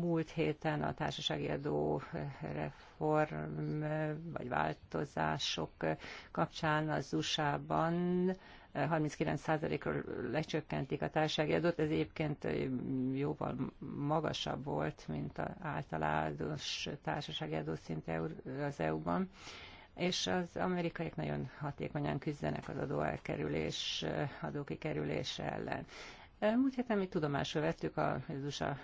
múlt héten a társasági adó reform vagy változások kapcsán az USA-ban 39%-ról lecsökkentik a társasági adót, ez egyébként jóval magasabb volt, mint az általános társasági adó szint az EU-ban és az amerikaiak nagyon hatékonyan küzdenek az elkerülés, adókikerülés ellen. Múlt héten mi tudomásra vettük, a, az USA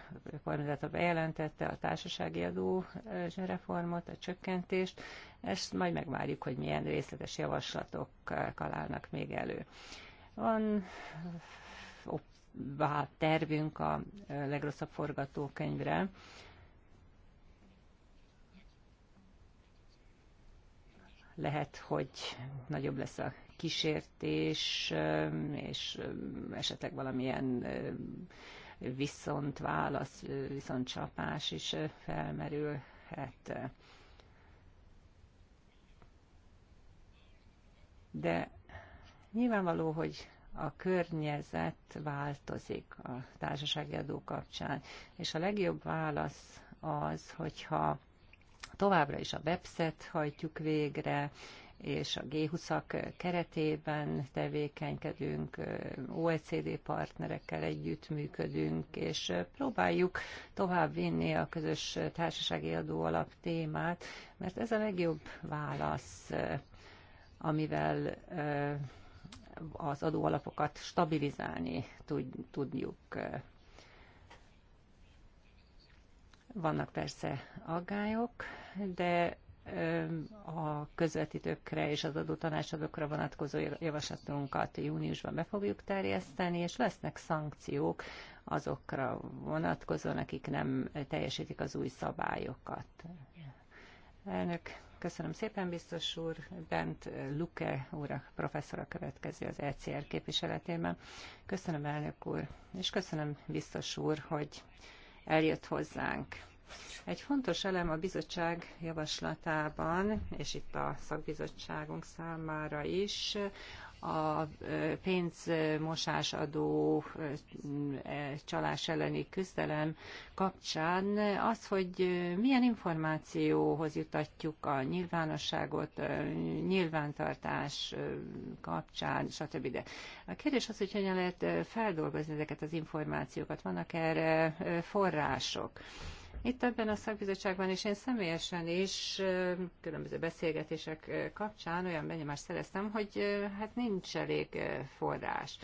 kormányzata bejelentette a társasági adó eh, reformot, a csökkentést, Ezt majd megvárjuk, hogy milyen részletes javaslatokkal eh, állnak még elő. Van a eh, hát tervünk a legrosszabb forgatókönyvre, lehet, hogy nagyobb lesz a kísértés, és esetleg valamilyen viszont válasz, viszont csapás is felmerülhet. De nyilvánvaló, hogy a környezet változik a társasági adó kapcsán, és a legjobb válasz az, hogyha továbbra is a webset hajtjuk végre, és a G20-ak keretében tevékenykedünk, OECD partnerekkel együttműködünk, és próbáljuk tovább vinni a közös társasági adóalap témát, mert ez a legjobb válasz, amivel az adóalapokat stabilizálni tudjuk. Vannak persze aggályok, de a közvetítőkre és az tanácsadókra vonatkozó javaslatunkat júniusban be fogjuk terjeszteni, és lesznek szankciók azokra vonatkozóan, akik nem teljesítik az új szabályokat. Elnök, köszönöm szépen, biztos úr. Bent Luke úr, a professzor a következő az ECR képviseletében. Köszönöm, elnök úr, és köszönöm, biztos úr, hogy eljött hozzánk. Egy fontos elem a bizottság javaslatában, és itt a szakbizottságunk számára is, a pénzmosás adó csalás elleni küzdelem kapcsán az, hogy milyen információhoz jutatjuk a nyilvánosságot, nyilvántartás kapcsán, stb. De a kérdés az, hogy hogyan lehet feldolgozni ezeket az információkat. Vannak erre források. Itt ebben a szakbizottságban is én személyesen is különböző beszélgetések kapcsán olyan benyomást szereztem, hogy hát nincs elég forrás.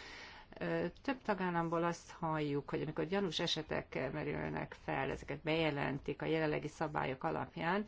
Több tagállamból azt halljuk, hogy amikor gyanús esetek merülnek fel, ezeket bejelentik a jelenlegi szabályok alapján,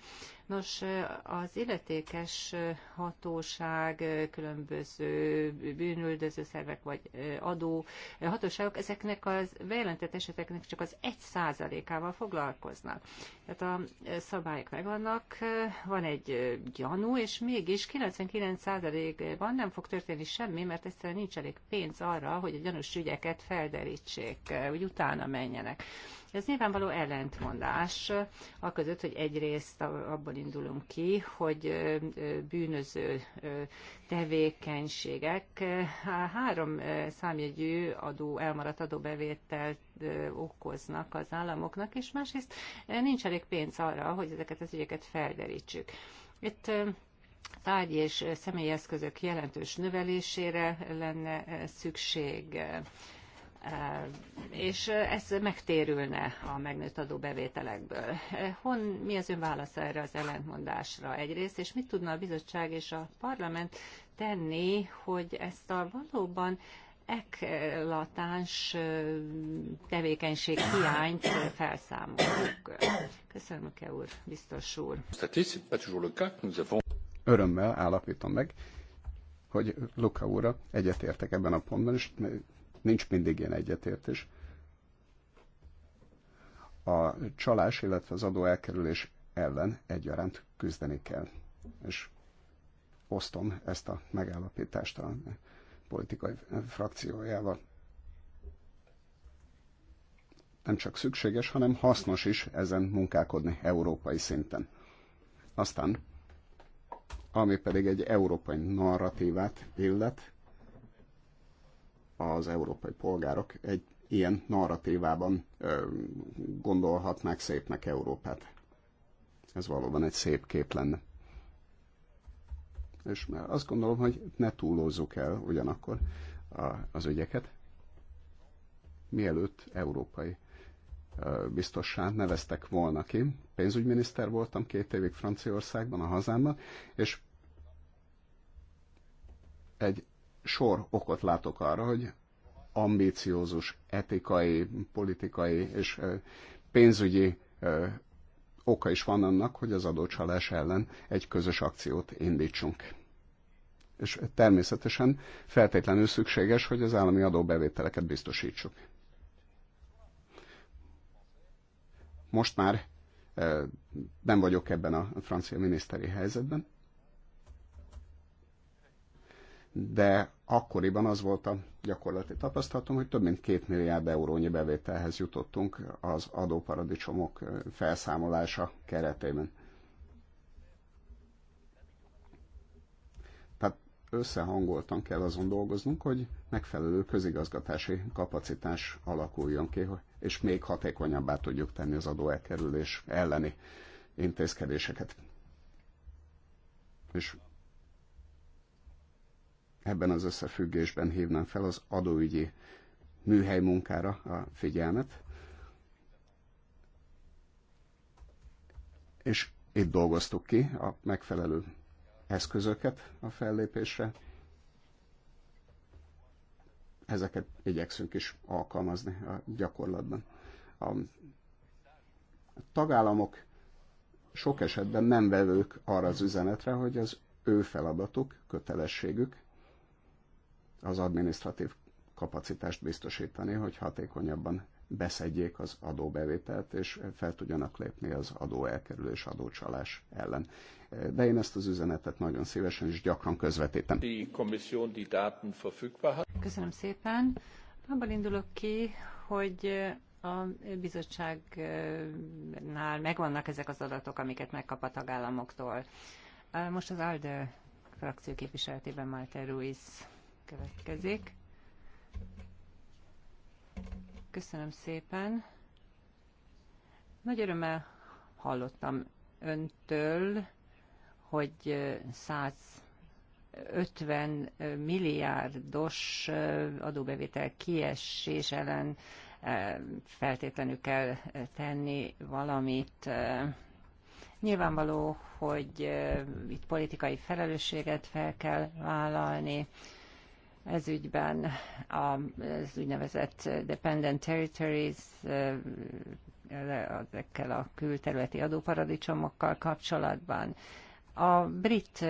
Nos, az illetékes hatóság, különböző bűnüldöző szervek vagy adó hatóságok, ezeknek az bejelentett eseteknek csak az egy százalékával foglalkoznak. Tehát a szabályok megvannak, van egy gyanú, és mégis 99 százalékban nem fog történni semmi, mert egyszerűen nincs elég pénz arra, hogy a gyanús ügyeket felderítsék, hogy utána menjenek. Ez nyilvánvaló ellentmondás, a között, hogy egyrészt abból indulunk ki, hogy bűnöző tevékenységek három számjegyű adó, elmaradt adóbevételt okoznak az államoknak, és másrészt nincs elég pénz arra, hogy ezeket az ügyeket felderítsük. Itt tárgy és személyeszközök jelentős növelésére lenne szükség és ez megtérülne a megnőtt adóbevételekből. Hon, mi az ön válasz erre az ellentmondásra egyrészt, és mit tudna a bizottság és a parlament tenni, hogy ezt a valóban eklatáns tevékenység hiányt felszámoljuk. Köszönöm, Ke úr, biztos úr. Örömmel állapítom meg, hogy Luka úra egyetértek ebben a pontban, és nincs mindig ilyen egyetértés. A csalás, illetve az adó elkerülés ellen egyaránt küzdeni kell. És osztom ezt a megállapítást a politikai frakciójával. Nem csak szükséges, hanem hasznos is ezen munkálkodni európai szinten. Aztán, ami pedig egy európai narratívát illet, az európai polgárok egy ilyen narratívában gondolhatnák szépnek Európát. Ez valóban egy szép kép lenne. És azt gondolom, hogy ne túlozzuk el ugyanakkor az ügyeket, mielőtt európai biztossá neveztek volna ki. Pénzügyminiszter voltam két évig Franciaországban, a hazámban, és egy sor okot látok arra, hogy ambíciózus etikai, politikai és pénzügyi oka is van annak, hogy az adócsalás ellen egy közös akciót indítsunk. És természetesen feltétlenül szükséges, hogy az állami adóbevételeket biztosítsuk. Most már nem vagyok ebben a francia miniszteri helyzetben, de akkoriban az volt a gyakorlati tapasztalatom, hogy több mint két milliárd eurónyi bevételhez jutottunk az adóparadicsomok felszámolása keretében. Tehát összehangoltan kell azon dolgoznunk, hogy megfelelő közigazgatási kapacitás alakuljon ki, és még hatékonyabbá tudjuk tenni az adóelkerülés elleni intézkedéseket. És Ebben az összefüggésben hívnám fel az adóügyi műhely munkára a figyelmet. És itt dolgoztuk ki a megfelelő eszközöket a fellépésre. Ezeket igyekszünk is alkalmazni a gyakorlatban. A tagállamok sok esetben nem vevők arra az üzenetre, hogy az ő feladatuk, kötelességük az adminisztratív kapacitást biztosítani, hogy hatékonyabban beszedjék az adóbevételt, és fel tudjanak lépni az adóelkerülés, adócsalás ellen. De én ezt az üzenetet nagyon szívesen és gyakran közvetítem. Köszönöm szépen. Abban indulok ki, hogy a bizottságnál megvannak ezek az adatok, amiket megkap a tagállamoktól. Most az ALDE frakció képviseletében Malte Ruiz következik. Köszönöm szépen. Nagy örömmel hallottam öntől, hogy 150 milliárdos adóbevétel kiesés ellen eh, feltétlenül kell tenni valamit. Nyilvánvaló, hogy eh, itt politikai felelősséget fel kell vállalni, ez ügyben az úgynevezett dependent territories ezekkel a külterületi adóparadicsomokkal kapcsolatban. A brit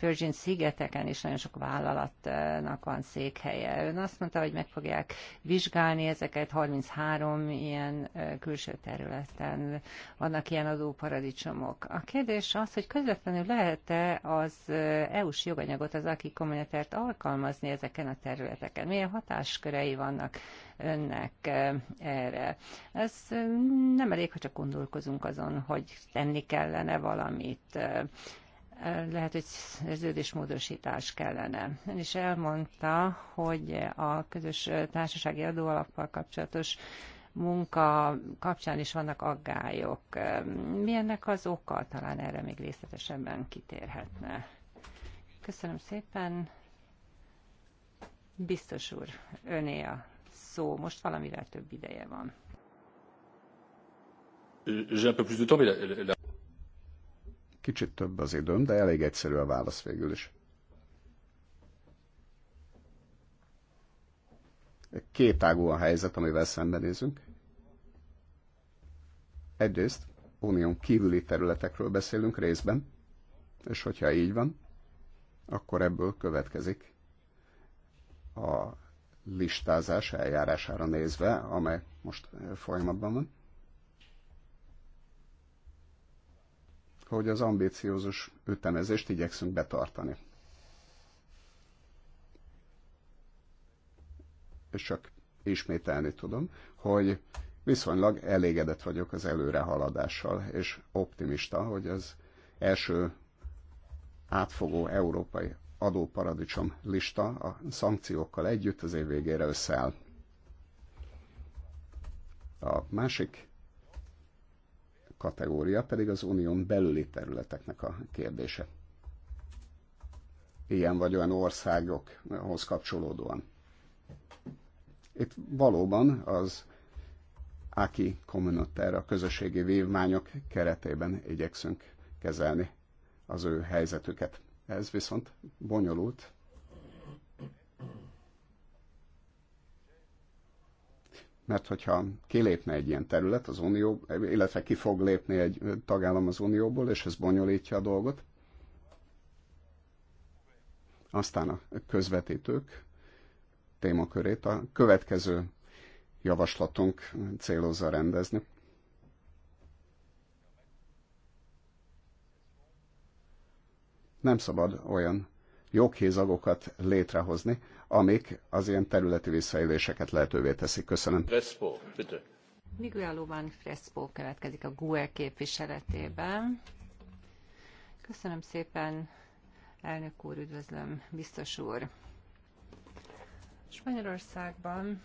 Virgin szigeteken is nagyon sok vállalatnak van székhelye. Ön azt mondta, hogy meg fogják vizsgálni ezeket, 33 ilyen külső területen vannak ilyen adóparadicsomok. A kérdés az, hogy közvetlenül lehet-e az EU-s joganyagot, az aki kommunitárt alkalmazni ezeken a területeken? Milyen hatáskörei vannak önnek eh, erre. Ez mm, nem elég, ha csak gondolkozunk azon, hogy tenni kellene valamit eh, lehet, hogy szerződésmódosítás kellene. Ön is elmondta, hogy a közös társasági adóalappal kapcsolatos munka kapcsán is vannak aggályok. Mi ennek az oka? Talán erre még részletesebben kitérhetne. Köszönöm szépen. Biztos úr, öné a szó, most valamivel több ideje van. Kicsit több az időm, de elég egyszerű a válasz végül is. Kétágú a helyzet, amivel szembenézünk. Egyrészt unión kívüli területekről beszélünk részben, és hogyha így van, akkor ebből következik a listázás eljárására nézve, amely most eh, folyamatban van, hogy az ambíciózus ütemezést igyekszünk betartani. És csak ismételni tudom, hogy viszonylag elégedett vagyok az előrehaladással, és optimista, hogy az első átfogó európai adóparadicsom lista a szankciókkal együtt az év végére összeáll. A másik kategória pedig az unión belüli területeknek a kérdése. Ilyen vagy olyan országokhoz kapcsolódóan. Itt valóban az Aki Communautaire, a közösségi vívmányok keretében igyekszünk kezelni az ő helyzetüket. Ez viszont bonyolult. Mert hogyha kilépne egy ilyen terület az Unió, illetve ki fog lépni egy tagállam az Unióból, és ez bonyolítja a dolgot, aztán a közvetítők témakörét a következő javaslatunk célozza rendezni. Nem szabad olyan joghézagokat létrehozni, amik az ilyen területi visszaéléseket lehetővé teszik. Köszönöm. Crespo, bitte. Miguel Lubán Crespo következik a GUE képviseletében. Köszönöm szépen, elnök úr, üdvözlöm, biztos úr. Spanyolországban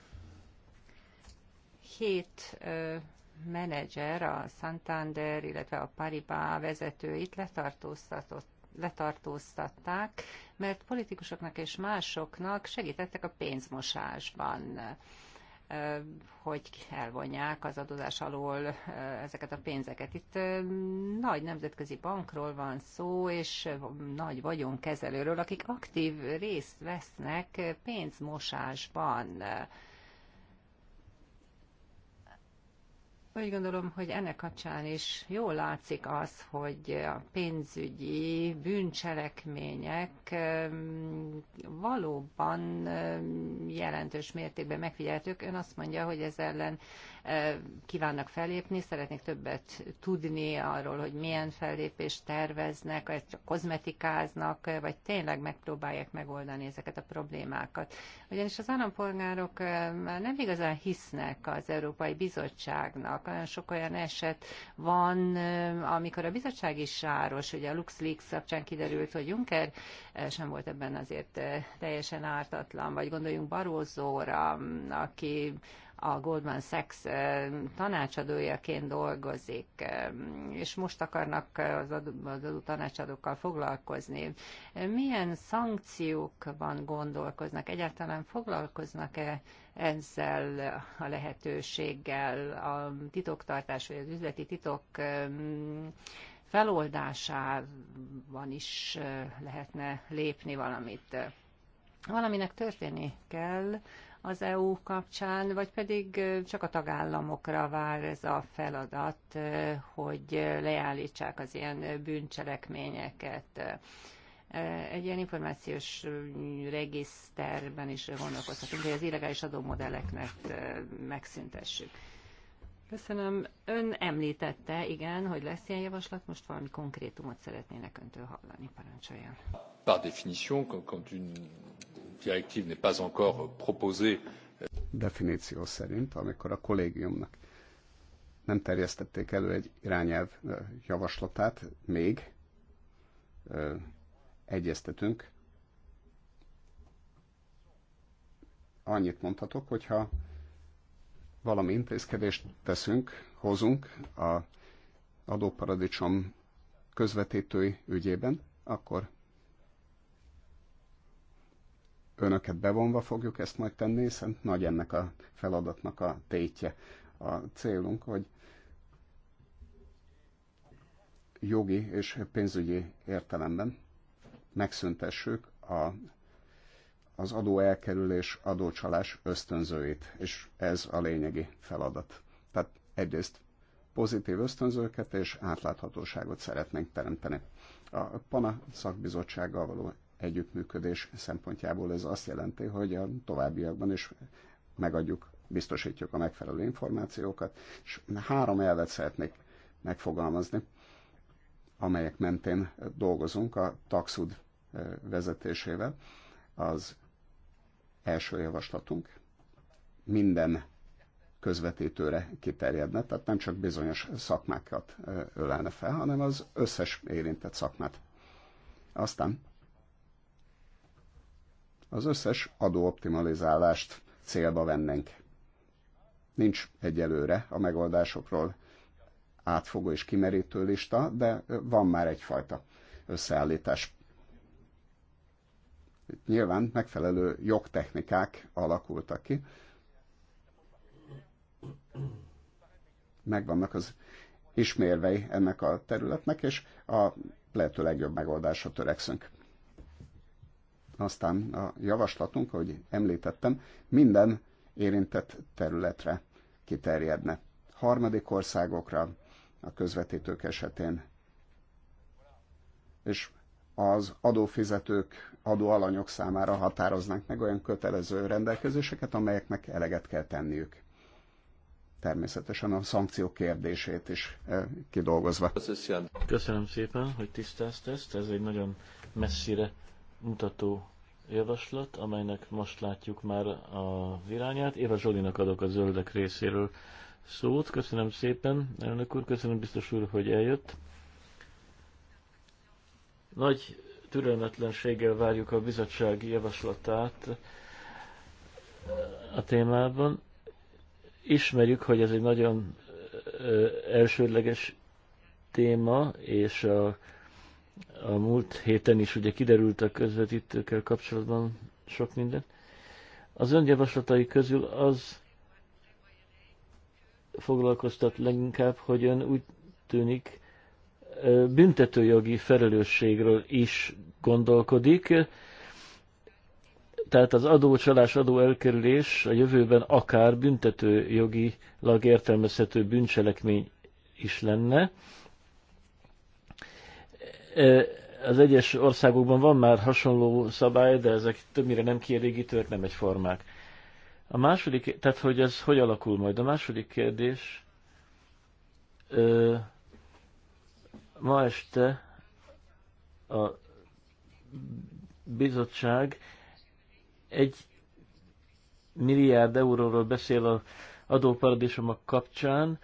hét ö, menedzser, a Santander, illetve a Paribas vezetőit letartóztatott letartóztatták, mert politikusoknak és másoknak segítettek a pénzmosásban hogy elvonják az adózás alól ezeket a pénzeket. Itt nagy nemzetközi bankról van szó, és nagy vagyonkezelőről, akik aktív részt vesznek pénzmosásban. Úgy gondolom, hogy ennek kapcsán is jól látszik az, hogy a pénzügyi bűncselekmények valóban jelentős mértékben megfigyeltük. Ön azt mondja, hogy ez ellen kívánnak fellépni, szeretnék többet tudni arról, hogy milyen fellépést terveznek, vagy csak kozmetikáznak, vagy tényleg megpróbálják megoldani ezeket a problémákat. Ugyanis az állampolgárok már nem igazán hisznek az Európai Bizottságnak. Olyan sok olyan eset van, amikor a bizottság is sáros, ugye a LuxLeaks kapcsán kiderült, hogy Juncker sem volt ebben azért teljesen ártatlan, vagy gondoljunk Barózóra, aki a Goldman Sachs tanácsadójaként dolgozik, és most akarnak az adó tanácsadókkal foglalkozni. Milyen szankciókban gondolkoznak? Egyáltalán foglalkoznak-e ezzel a lehetőséggel a titoktartás vagy az üzleti titok feloldásában is lehetne lépni valamit. Valaminek történni kell, az EU kapcsán, vagy pedig csak a tagállamokra vár ez a feladat, hogy leállítsák az ilyen bűncselekményeket. Egy ilyen információs regiszterben is gondolkozhatunk, hogy az illegális adómodelleknek megszüntessük. Köszönöm. Ön említette, igen, hogy lesz ilyen javaslat, most valami konkrétumot szeretnének öntől hallani, parancsoljon. Par définition, quand une directive n'est pas encore proposée. Definíció szerint, amikor a kollégiumnak nem terjesztették elő egy irányelv javaslatát, még ö, egyeztetünk. Annyit mondhatok, hogyha valami intézkedést teszünk, hozunk a adóparadicsom közvetítői ügyében, akkor önöket bevonva fogjuk ezt majd tenni, hiszen nagy ennek a feladatnak a tétje. A célunk, hogy jogi és pénzügyi értelemben megszüntessük a, az adóelkerülés, adócsalás ösztönzőit, és ez a lényegi feladat. Tehát egyrészt pozitív ösztönzőket és átláthatóságot szeretnénk teremteni. A PANA szakbizottsággal való együttműködés szempontjából ez azt jelenti, hogy a továbbiakban is megadjuk, biztosítjuk a megfelelő információkat, és három elvet szeretnék megfogalmazni, amelyek mentén dolgozunk a taxud eh, vezetésével. Az első javaslatunk minden közvetítőre kiterjedne, tehát nem csak bizonyos szakmákat eh, ölelne fel, hanem az összes érintett szakmát. Aztán az összes adóoptimalizálást célba vennénk. Nincs egyelőre a megoldásokról átfogó és kimerítő lista, de van már egyfajta összeállítás. Itt nyilván megfelelő jogtechnikák alakultak ki. Megvannak az ismérvei ennek a területnek, és a lehető legjobb megoldásra törekszünk. Aztán a javaslatunk, ahogy említettem, minden érintett területre kiterjedne. Harmadik országokra a közvetítők esetén. És az adófizetők, adóalanyok számára határoznak meg olyan kötelező rendelkezéseket, amelyeknek eleget kell tenniük. Természetesen a szankciók kérdését is eh, kidolgozva. Köszönöm szépen, hogy tisztázta ezt, ez egy nagyon messzire mutató javaslat, amelynek most látjuk már a irányát. Éva Zsolinak adok a zöldek részéről szót. Köszönöm szépen, elnök úr, köszönöm biztos úr, hogy eljött. Nagy türelmetlenséggel várjuk a bizottság javaslatát a témában. Ismerjük, hogy ez egy nagyon elsődleges téma, és a a múlt héten is ugye kiderült a közvetítőkkel kapcsolatban sok minden. Az önjavaslatai közül az foglalkoztat leginkább, hogy ön úgy tűnik büntetőjogi felelősségről is gondolkodik, tehát az adócsalás, adóelkerülés a jövőben akár büntetőjogilag értelmezhető bűncselekmény is lenne, E, az egyes országokban van már hasonló szabály, de ezek többnyire nem kielégítőek, nem egyformák. A második, tehát hogy ez hogy alakul majd? A második kérdés, ö, e, ma este a bizottság egy milliárd euróról beszél a adóparadicsomok kapcsán,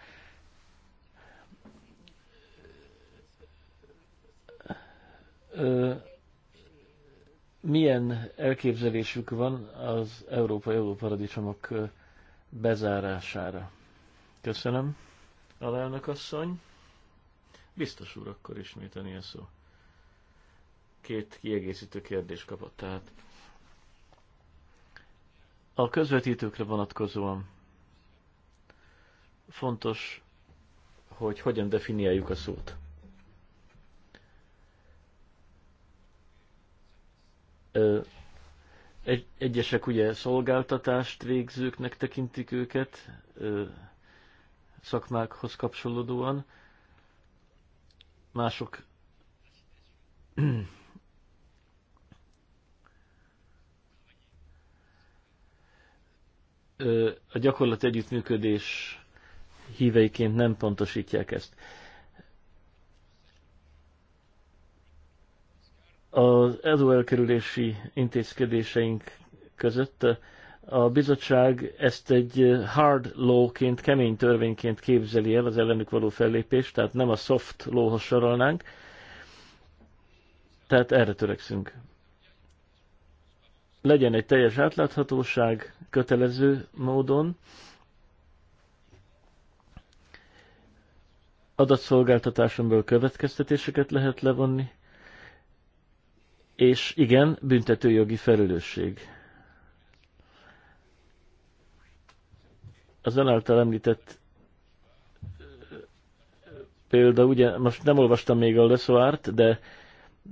milyen elképzelésük van az Európa Európaradicsomok bezárására? Köszönöm, alelnök asszony. Biztos úr, akkor ismételni a szó. Két kiegészítő kérdés kapott, tehát a közvetítőkre vonatkozóan fontos, hogy hogyan definiáljuk a szót. Egy, egyesek ugye szolgáltatást végzőknek tekintik őket szakmákhoz kapcsolódóan, mások a gyakorlat együttműködés híveiként nem pontosítják ezt. az e elkerülési intézkedéseink között a bizottság ezt egy hard law-ként, kemény törvényként képzeli el az ellenük való fellépést, tehát nem a soft law sorolnánk, tehát erre törekszünk. Legyen egy teljes átláthatóság kötelező módon, adatszolgáltatásomból következtetéseket lehet levonni, és igen, büntetőjogi felelősség. Az önáltal említett példa, ugye, most nem olvastam még a Leszoárt, de,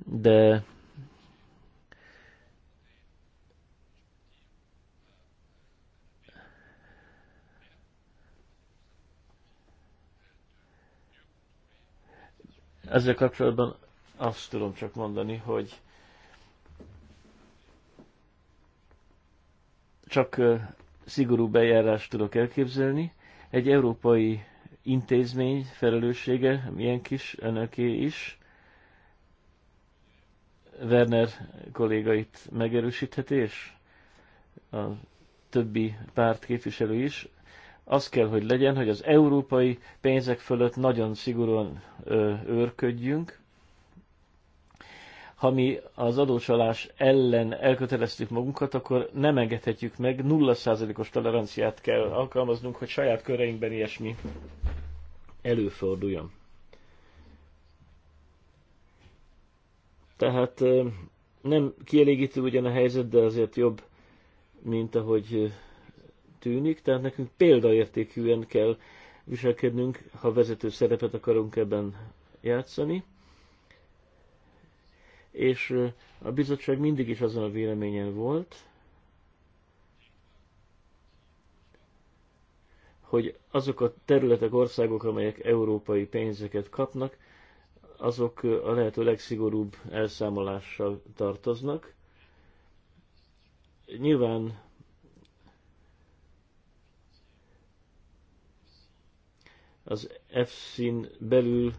de ezzel kapcsolatban azt tudom csak mondani, hogy csak szigorú bejárást tudok elképzelni. Egy európai intézmény felelőssége, milyen kis, önöké is. Werner kollégait megerősíthetés, a többi párt képviselő is, az kell, hogy legyen, hogy az európai pénzek fölött nagyon szigorúan ö, őrködjünk, ha mi az adócsalás ellen elköteleztük magunkat, akkor nem engedhetjük meg, 0%-os toleranciát kell alkalmaznunk, hogy saját köreinkben ilyesmi előforduljon. Tehát nem kielégítő ugyan a helyzet, de azért jobb, mint ahogy tűnik. Tehát nekünk példaértékűen kell viselkednünk, ha vezető szerepet akarunk ebben játszani és a bizottság mindig is azon a véleményen volt, hogy azok a területek, országok, amelyek európai pénzeket kapnak, azok a lehető legszigorúbb elszámolással tartoznak. Nyilván az EFSIN belül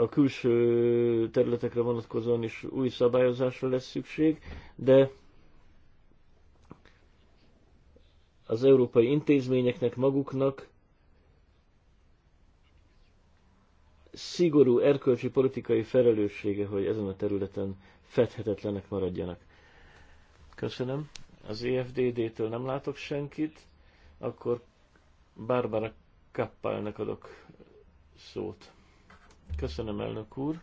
a külső területekre vonatkozóan is új szabályozásra lesz szükség, de az európai intézményeknek, maguknak szigorú erkölcsi politikai felelőssége, hogy ezen a területen fedhetetlenek maradjanak. Köszönöm. Az EFDD-től nem látok senkit, akkor Barbara Kappalnak adok szót. Köszönöm, elnök úr.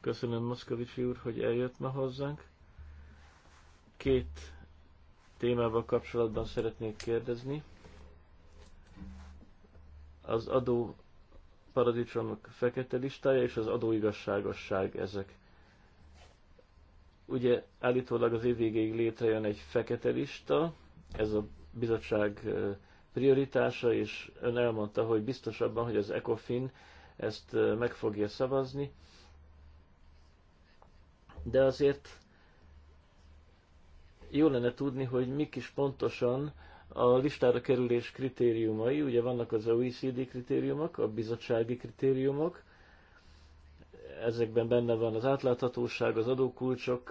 Köszönöm, Moszkovicsi úr, hogy eljött ma hozzánk. Két témával kapcsolatban szeretnék kérdezni. Az adó paradicsomok fekete listája és az adóigazságosság ezek. Ugye állítólag az év végéig létrejön egy fekete lista, ez a bizottság prioritása, és ön elmondta, hogy biztosabban, hogy az ECOFIN ezt meg fogja szavazni, de azért jó lenne tudni, hogy mik is pontosan a listára kerülés kritériumai, ugye vannak az OECD kritériumok, a bizottsági kritériumok, ezekben benne van az átláthatóság, az adókulcsok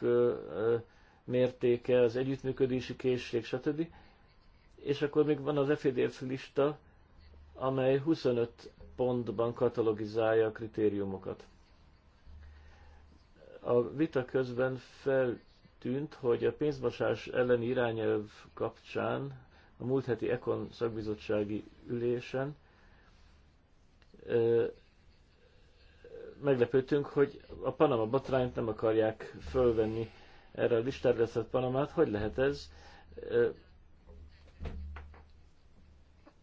mértéke, az együttműködési készség, stb. És akkor még van az FDF e lista, amely 25 pontban katalogizálja a kritériumokat. A vita közben feltűnt, hogy a pénzmosás elleni irányelv kapcsán a múlt heti Ekon szakbizottsági ülésen meglepődtünk, hogy a Panama botrányt nem akarják fölvenni erre a listára, Panamát. Hogy lehet ez?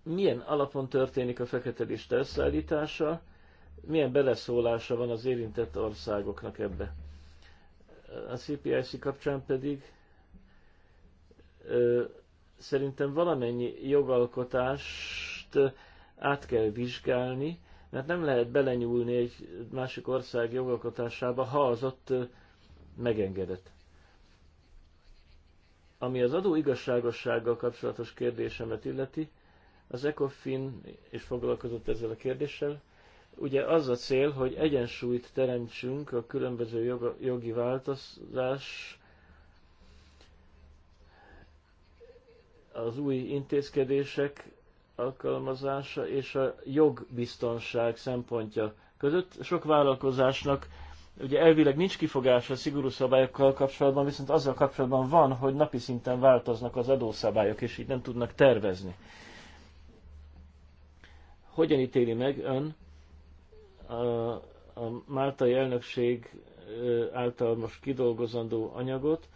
milyen alapon történik a fekete lista összeállítása, milyen beleszólása van az érintett országoknak ebbe. A CPIC kapcsán pedig ö, szerintem valamennyi jogalkotást át kell vizsgálni, mert nem lehet belenyúlni egy másik ország jogalkotásába, ha az ott megengedett. Ami az adó igazságossággal kapcsolatos kérdésemet illeti, az ECOFIN is foglalkozott ezzel a kérdéssel. Ugye az a cél, hogy egyensúlyt teremtsünk a különböző jogi változás az új intézkedések alkalmazása és a jogbiztonság szempontja között. Sok vállalkozásnak ugye elvileg nincs kifogása a szigorú szabályokkal kapcsolatban, viszont azzal kapcsolatban van, hogy napi szinten változnak az adószabályok, és így nem tudnak tervezni. Hogyan ítéli meg ön a, a máltai elnökség által most kidolgozandó anyagot?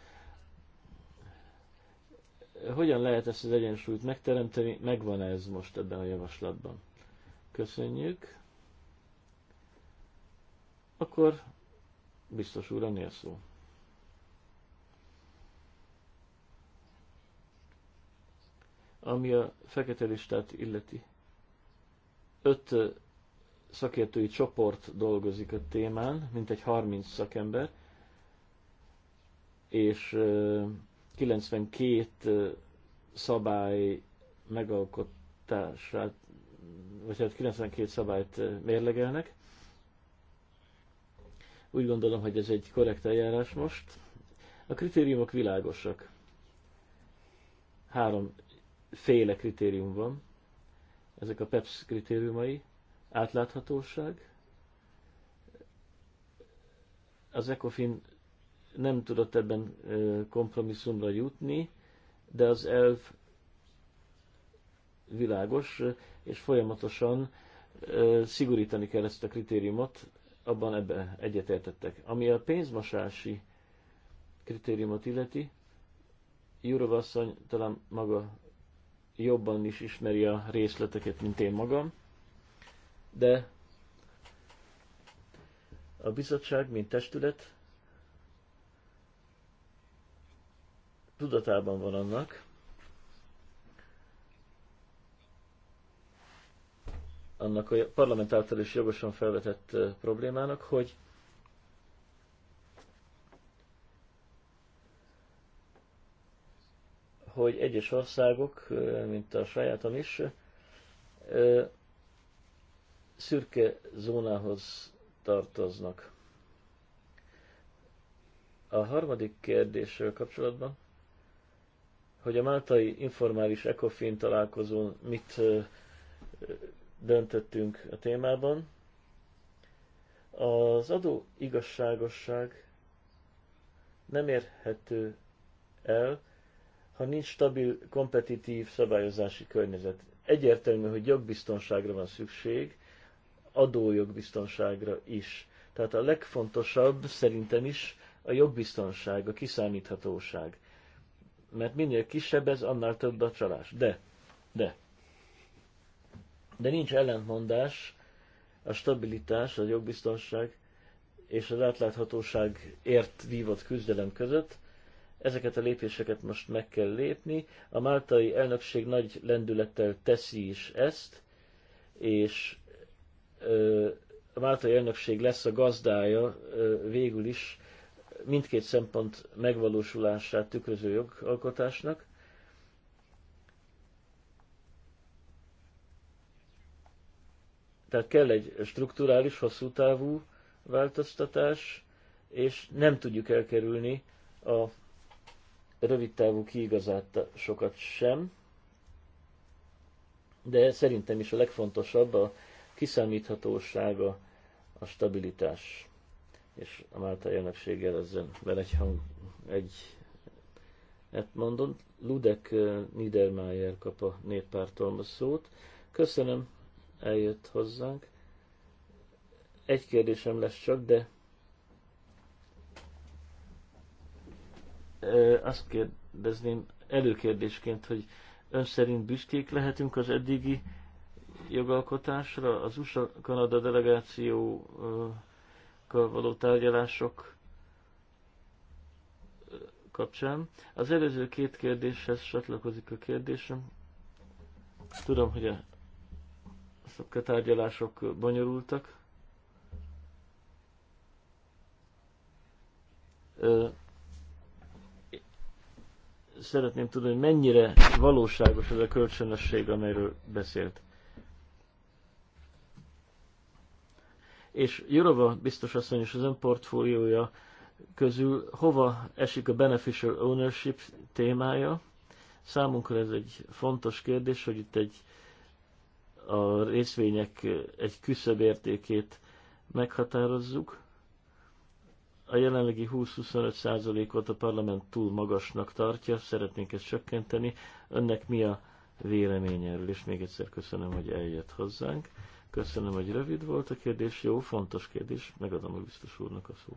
Hogyan lehet ezt az egyensúlyt megteremteni? Megvan -e ez most ebben a javaslatban? Köszönjük. Akkor biztos úr, ennél szó. Ami a fekete listát illeti. Öt szakértői csoport dolgozik a témán, mint egy 30 szakember, és 92 szabály megalkotását, vagy hát 92 szabályt mérlegelnek. Úgy gondolom, hogy ez egy korrekt eljárás most. A kritériumok világosak. Három féle kritérium van ezek a PEPS kritériumai, átláthatóság. Az ECOFIN nem tudott ebben kompromisszumra jutni, de az elv világos, és folyamatosan szigorítani kell ezt a kritériumot, abban ebbe egyetértettek. Ami a pénzmosási kritériumot illeti, Jurova asszony talán maga jobban is ismeri a részleteket, mint én magam, de a bizottság, mint testület tudatában van annak, annak a parlament által is jogosan felvetett eh, problémának, hogy hogy egyes országok, mint a sajátom is, szürke zónához tartoznak. A harmadik kérdéssel kapcsolatban, hogy a máltai informális ECOFIN találkozón mit döntöttünk a témában. Az adó igazságosság nem érhető el, ha nincs stabil, kompetitív szabályozási környezet. Egyértelmű, hogy jogbiztonságra van szükség, adójogbiztonságra is. Tehát a legfontosabb szerintem is a jogbiztonság, a kiszámíthatóság. Mert minél kisebb ez, annál több a csalás. De, de, de nincs ellentmondás a stabilitás, a jogbiztonság és az átláthatóság ért vívott küzdelem között, Ezeket a lépéseket most meg kell lépni. A máltai elnökség nagy lendülettel teszi is ezt, és a máltai elnökség lesz a gazdája végül is mindkét szempont megvalósulását tükröző jogalkotásnak. Tehát kell egy strukturális, hosszú távú változtatás, és nem tudjuk elkerülni a rövid távú sokat sem, de szerintem is a legfontosabb a kiszámíthatósága, a stabilitás. És a Málta elnökség jelezzen, mert egy hang, egy hát mondom, Ludek eh, Niedermayer kap a néppártól a szót. Köszönöm, eljött hozzánk. Egy kérdésem lesz csak, de azt kérdezném előkérdésként, hogy ön szerint büszkék lehetünk az eddigi jogalkotásra, az USA-Kanada delegációkkal való tárgyalások kapcsán. Az előző két kérdéshez csatlakozik a kérdésem. Tudom, hogy a tárgyalások bonyolultak szeretném tudni, hogy mennyire valóságos ez a kölcsönösség, amelyről beszélt. És Jurova biztos asszony és az ön portfóliója közül hova esik a beneficial ownership témája? Számunkra ez egy fontos kérdés, hogy itt egy a részvények egy küszöbértékét meghatározzuk a jelenlegi 20-25%-ot a parlament túl magasnak tartja, szeretnénk ezt csökkenteni. Önnek mi a véleménye erről? És még egyszer köszönöm, hogy eljött hozzánk. Köszönöm, hogy rövid volt a kérdés. Jó, fontos kérdés. Megadom a biztos úrnak a szót.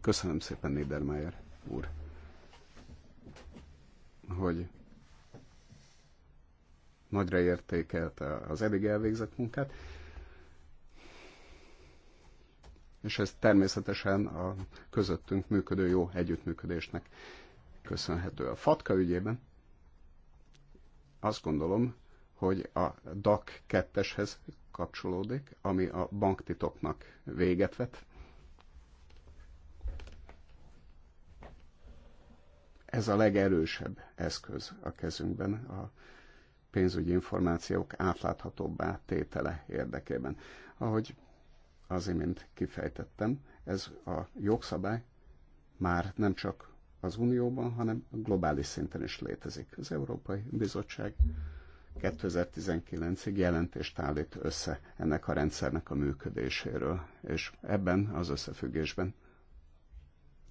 Köszönöm szépen, Niedermayer úr, hogy nagyra értékelte az eddig elvégzett munkát és ez természetesen a közöttünk működő jó együttműködésnek köszönhető. A FATKA ügyében azt gondolom, hogy a DAC 2-eshez kapcsolódik, ami a banktitoknak véget vet. Ez a legerősebb eszköz a kezünkben a pénzügyi információk átláthatóbbá tétele érdekében. Ahogy az imént kifejtettem, ez a jogszabály már nem csak az Unióban, hanem globális szinten is létezik. Az Európai Bizottság 2019-ig jelentést állít össze ennek a rendszernek a működéséről, és ebben az összefüggésben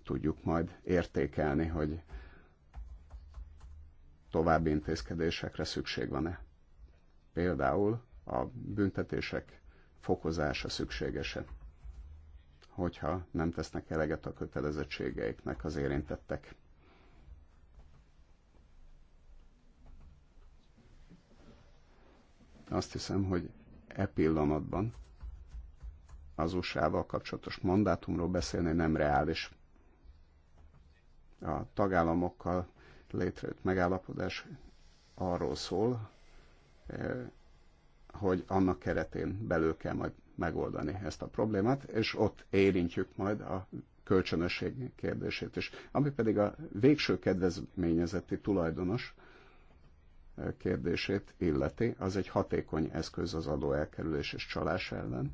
tudjuk majd értékelni, hogy további intézkedésekre szükség van-e. Például a büntetések fokozása szükségesen, hogyha nem tesznek eleget a kötelezettségeiknek az érintettek. Azt hiszem, hogy e pillanatban az USA-val kapcsolatos mandátumról beszélni nem reális. A tagállamokkal létrejött megállapodás arról szól, eh, hogy annak keretén belül kell majd megoldani ezt a problémát, és ott érintjük majd a kölcsönösség kérdését is. Ami pedig a végső kedvezményezeti tulajdonos e, kérdését illeti, az egy hatékony eszköz az adó és csalás ellen.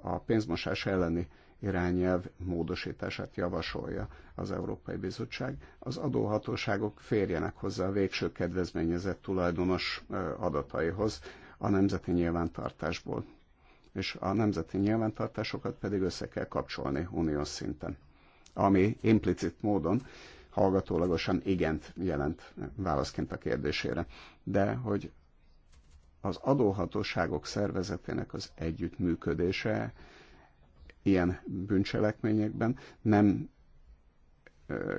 A pénzmosás elleni irányelv módosítását javasolja az Európai Bizottság. Az adóhatóságok férjenek hozzá a végső kedvezményezett tulajdonos adataihoz a nemzeti nyilvántartásból, és a nemzeti nyilvántartásokat pedig össze kell kapcsolni uniós szinten, ami implicit módon hallgatólagosan igent jelent válaszként a kérdésére. De hogy az adóhatóságok szervezetének az együttműködése ilyen bűncselekményekben nem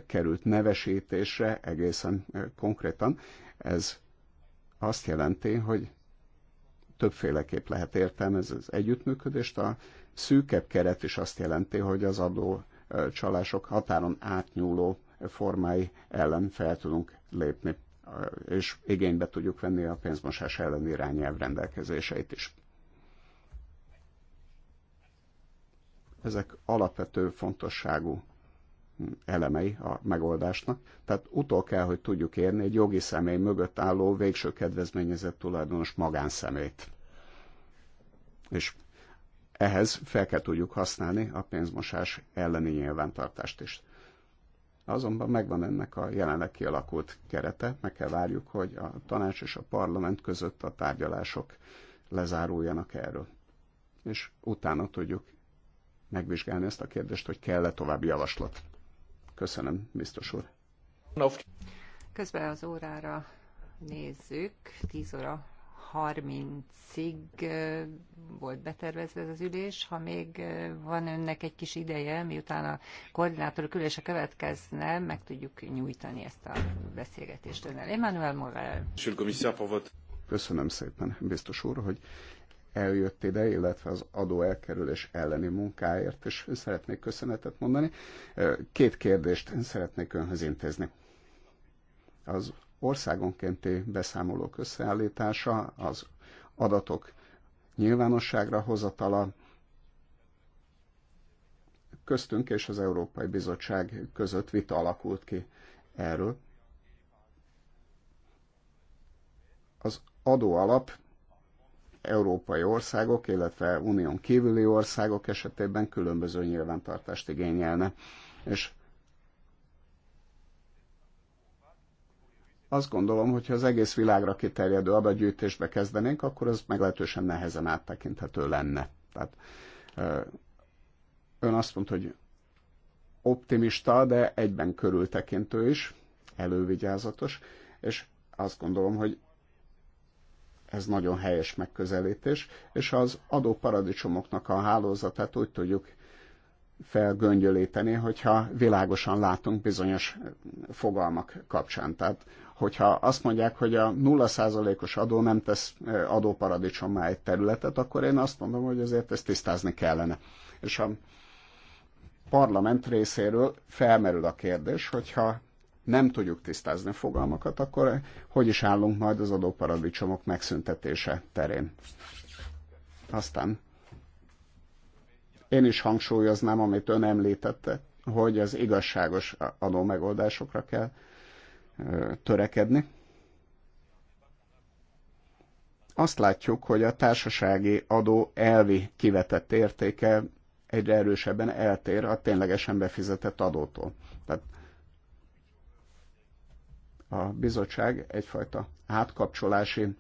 került nevesítésre egészen konkrétan. Ez azt jelenti, hogy többféleképp lehet értelmezni az együttműködést. A szűkebb keret is azt jelenti, hogy az adó csalások határon átnyúló formái ellen fel tudunk lépni, és igénybe tudjuk venni a pénzmosás elleni irányelv rendelkezéseit is. Ezek alapvető fontosságú elemei a megoldásnak. Tehát utol kell, hogy tudjuk érni egy jogi személy mögött álló végső kedvezményezett tulajdonos magánszemét. És ehhez fel kell tudjuk használni a pénzmosás elleni nyilvántartást is. Azonban megvan ennek a jelenleg kialakult kerete, meg kell várjuk, hogy a tanács és a parlament között a tárgyalások lezáruljanak erről. És utána tudjuk megvizsgálni ezt a kérdést, hogy kell-e további javaslat. Köszönöm, biztos úr. Közben az órára nézzük, 10 óra 30-ig volt betervezve ez az ülés. Ha még van önnek egy kis ideje, miután a koordinátorok ülése következne, meg tudjuk nyújtani ezt a beszélgetést önnel. Emmanuel Morel. Köszönöm szépen, biztos úr, hogy eljött ide, illetve az adó elkerülés elleni munkáért, és szeretnék köszönetet mondani. Két kérdést szeretnék önhöz intézni. Az országonkénti beszámolók összeállítása, az adatok nyilvánosságra hozatala, köztünk és az Európai Bizottság között vita alakult ki erről. Az adóalap európai országok, illetve unión kívüli országok esetében különböző nyilvántartást igényelne. És azt gondolom, hogy ha az egész világra kiterjedő adatgyűjtésbe kezdenénk, akkor az meglehetősen nehezen áttekinthető lenne. Tehát ön azt mondta, hogy optimista, de egyben körültekintő is, elővigyázatos, és azt gondolom, hogy ez nagyon helyes megközelítés, és az adóparadicsomoknak a hálózatát úgy tudjuk felgöngyölíteni, hogyha világosan látunk bizonyos fogalmak kapcsán. Tehát, hogyha azt mondják, hogy a 0%-os adó nem tesz adóparadicsomá egy területet, akkor én azt mondom, hogy azért ezt tisztázni kellene. És a parlament részéről felmerül a kérdés, hogyha nem tudjuk tisztázni a fogalmakat, akkor hogy is állunk majd az adóparadicsomok megszüntetése terén. Aztán én is hangsúlyoznám, amit ön említette, hogy az igazságos adó megoldásokra kell törekedni. Azt látjuk, hogy a társasági adó elvi kivetett értéke egyre erősebben eltér a ténylegesen befizetett adótól. Tehát a bizottság egyfajta átkapcsolási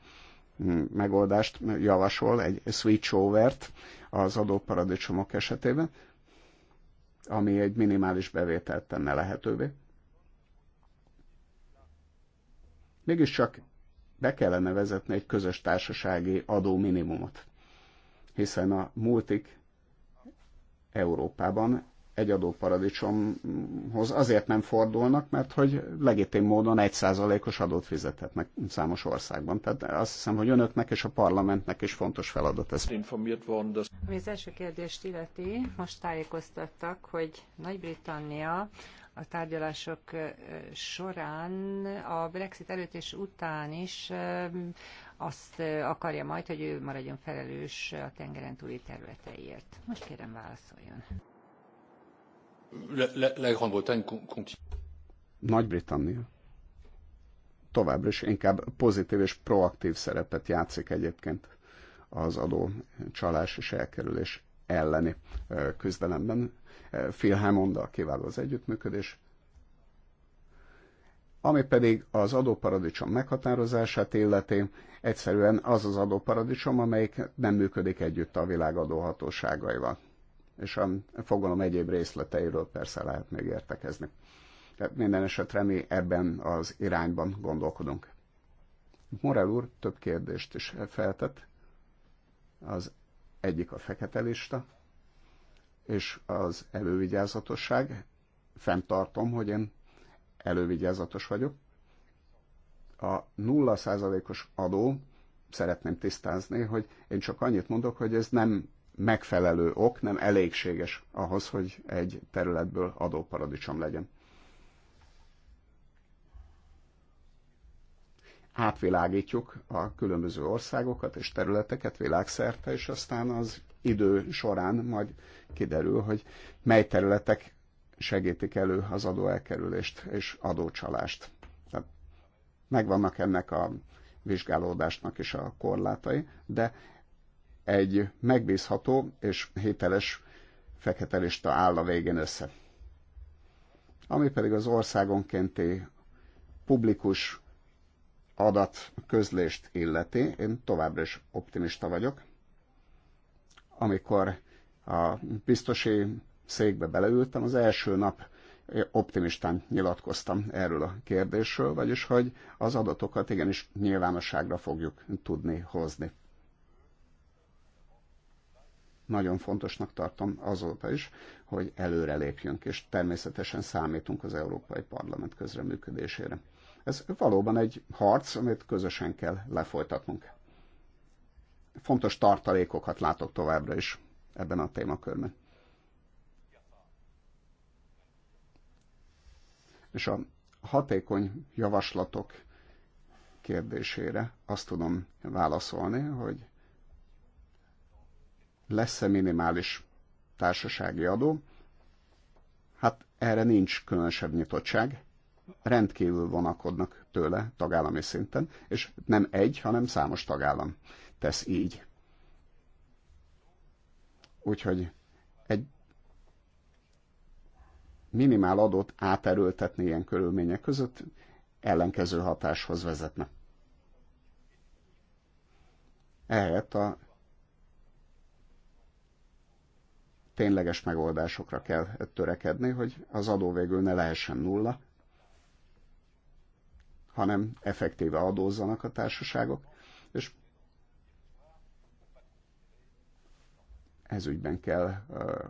mm, megoldást javasol, egy switchover-t az adóparadicsomok esetében, ami egy minimális bevételt tenne lehetővé. Mégiscsak be kellene vezetni egy közös társasági adó minimumot, hiszen a multik Európában egy adóparadicsomhoz azért nem fordulnak, mert hogy legitim módon egy os adót fizethetnek számos országban. Tehát azt hiszem, hogy önöknek és a parlamentnek is fontos feladat ez. Ami az első kérdést illeti, most tájékoztattak, hogy Nagy-Britannia a tárgyalások során a Brexit előtt és után is azt akarja majd, hogy ő maradjon felelős a tengeren túli területeiért. Most kérem válaszoljon la, Grande-Bretagne continue. Nagy-Britannia továbbra is inkább pozitív és proaktív szerepet játszik egyébként az adó csalás és elkerülés elleni küzdelemben. Phil Hammond a kiváló az együttműködés. Ami pedig az adóparadicsom meghatározását illeti, egyszerűen az az adóparadicsom, amelyik nem működik együtt a világ adóhatóságaival és a fogalom egyéb részleteiről persze lehet még értekezni. Tehát minden esetre mi ebben az irányban gondolkodunk. Morel úr több kérdést is feltett. Az egyik a fekete lista, és az elővigyázatosság. Fenntartom, hogy én elővigyázatos vagyok. A nulla százalékos adó, szeretném tisztázni, hogy én csak annyit mondok, hogy ez nem megfelelő ok nem elégséges ahhoz, hogy egy területből adóparadicsom legyen. átvilágítjuk a különböző országokat és területeket világszerte, és aztán az idő során majd kiderül, hogy mely területek segítik elő az adóelkerülést és adócsalást. Tehát megvannak ennek a vizsgálódásnak is a korlátai, de egy megbízható és hiteles fekete lista áll a végén össze. Ami pedig az országonkénti publikus adat közlést illeti, én továbbra is optimista vagyok. Amikor a biztosi székbe beleültem, az első nap optimistán nyilatkoztam erről a kérdésről, vagyis hogy az adatokat igenis nyilvánosságra fogjuk tudni hozni nagyon fontosnak tartom azóta is, hogy előrelépjünk, és természetesen számítunk az Európai Parlament közreműködésére. Ez valóban egy harc, amit közösen kell lefolytatnunk. Fontos tartalékokat látok továbbra is ebben a témakörben. És a hatékony javaslatok kérdésére azt tudom válaszolni, hogy lesz-e minimális társasági adó? Hát erre nincs különösebb nyitottság, rendkívül vonakodnak tőle tagállami szinten, és nem egy, hanem számos tagállam tesz így. Úgyhogy egy minimál adót áterültetni ilyen körülmények között ellenkező hatáshoz vezetne. Ehelyett a tényleges megoldásokra kell törekedni, hogy az adó végül ne lehessen nulla, hanem effektíve adózzanak a társaságok, és ez ügyben kell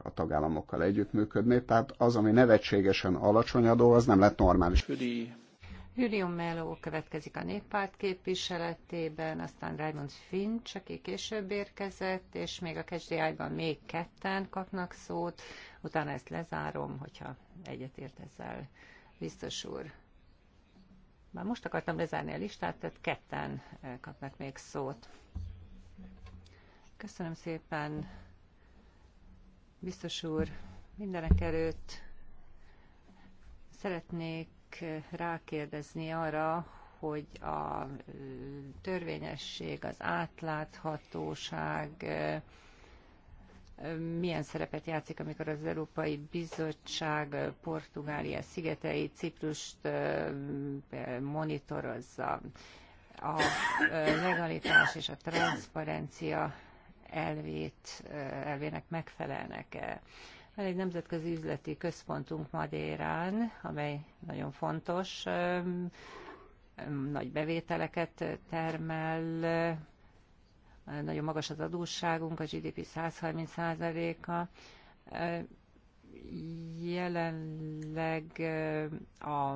a tagállamokkal együttműködni, tehát az, ami nevetségesen alacsony adó, az nem lett normális. Julian melo következik a néppárt képviseletében, aztán Raymond Finch, aki később érkezett, és még a ksdi még ketten kapnak szót, utána ezt lezárom, hogyha egyetért ezzel, biztos úr. Már most akartam lezárni a listát, tehát ketten eh, kapnak még szót. Köszönöm szépen, biztos úr, mindenek előtt szeretnék rákérdezni arra, hogy a törvényesség, az átláthatóság milyen szerepet játszik, amikor az Európai Bizottság Portugália szigetei, Ciprust monitorozza. A legalitás és a transzparencia elvét, elvének megfelelnek-e. Van egy nemzetközi üzleti központunk Madérán, amely nagyon fontos, nagy bevételeket termel, nagyon magas az adósságunk, a GDP 130%-a. Jelenleg a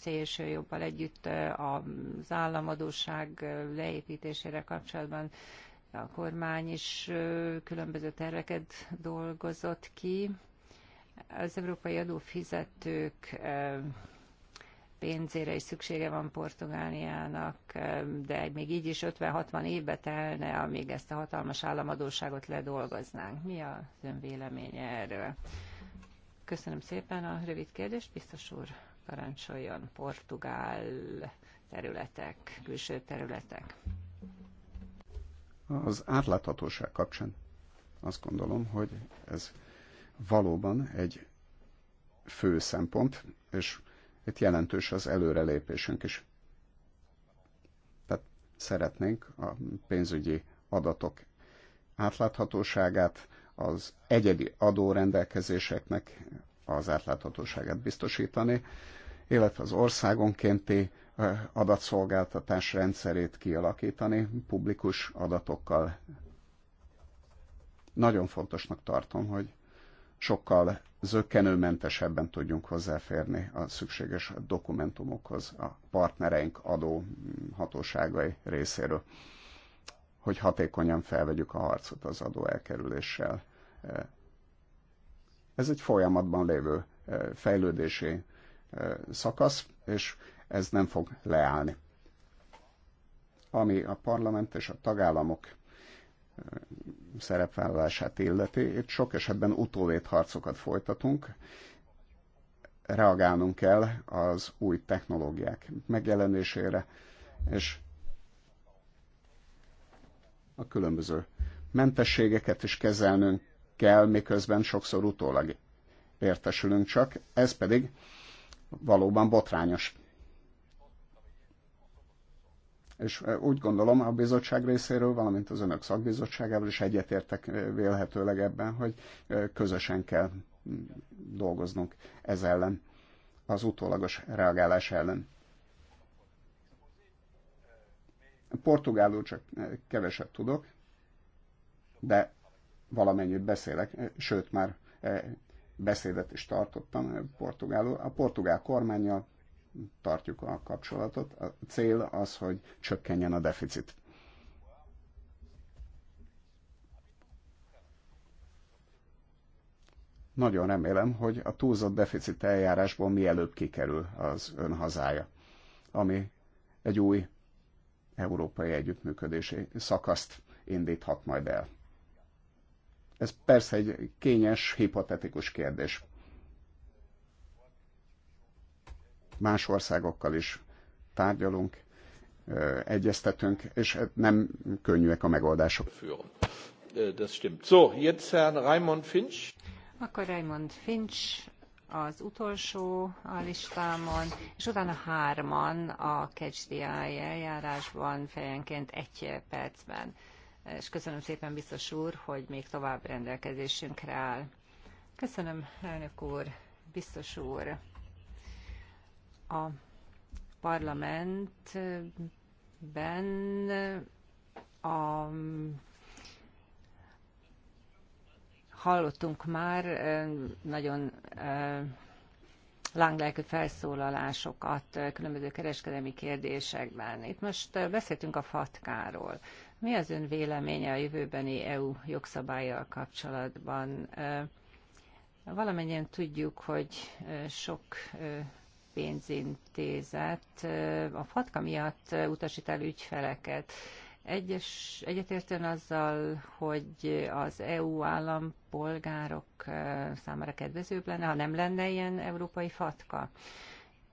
szélső jobbal együtt az államadóság leépítésére kapcsolatban a kormány is különböző terveket dolgozott ki. Az európai adófizetők pénzére is szüksége van Portugáliának, de még így is 50-60 évbe telne, amíg ezt a hatalmas államadóságot ledolgoznánk. Mi az ön véleménye erről? Köszönöm szépen a rövid kérdést, biztos úr parancsoljon Portugál területek, külső területek. Az átláthatóság kapcsán azt gondolom, hogy ez valóban egy fő szempont, és itt jelentős az előrelépésünk is. Tehát szeretnénk a pénzügyi adatok átláthatóságát, az egyedi adórendelkezéseknek az átláthatóságát biztosítani, illetve az országonkénti Eh, adatszolgáltatás rendszerét kialakítani publikus adatokkal. Nagyon fontosnak tartom, hogy sokkal zöggenőmentesebben tudjunk hozzáférni a szükséges dokumentumokhoz a partnereink adó hatóságai részéről, hogy hatékonyan felvegyük a harcot az adó elkerüléssel. Eh, ez egy folyamatban lévő eh, fejlődési szakasz, és ez nem fog leállni. Ami a parlament és a tagállamok szerepvállalását illeti, itt sok esetben harcokat folytatunk, reagálnunk kell az új technológiák megjelenésére, és a különböző mentességeket is kezelnünk kell, miközben sokszor utólag értesülünk csak, ez pedig valóban botrányos és e, úgy gondolom a bizottság részéről, valamint az önök szakbizottságával is egyetértek e, vélhetőleg ebben, hogy e, közösen kell dolgoznunk ez ellen, az utólagos reagálás ellen. Portugálul csak keveset tudok, de valamennyit beszélek, sőt már beszédet is tartottam portugálul. A portugál kormányjal tartjuk a kapcsolatot. A cél az, hogy csökkenjen a deficit. Nagyon remélem, hogy a túlzott deficit eljárásból mielőbb kikerül az ön hazája, ami egy új európai együttműködési szakaszt indíthat majd el. Ez persze egy kényes, hipotetikus kérdés. más országokkal is tárgyalunk, egyeztetünk, és hát nem könnyűek a megoldások. Das stimmt. So, jetzt Herrn Raimond Finch. Akkor Raimond Finch az utolsó a listámon, és utána hárman a KCDI eljárásban fejenként egy percben. És köszönöm szépen, biztos úr, hogy még tovább rendelkezésünkre áll. Köszönöm, elnök úr, biztos úr a parlamentben a hallottunk már nagyon lánglelkű felszólalásokat különböző kereskedelmi kérdésekben. Itt most beszéltünk a fatkáról. Mi az ön véleménye a jövőbeni EU jogszabályjal kapcsolatban? Valamennyien tudjuk, hogy sok pénzintézet a fatka miatt utasít el ügyfeleket. Egyes, egyetértően azzal, hogy az EU állampolgárok számára kedvezőbb lenne, ha nem lenne ilyen európai fatka?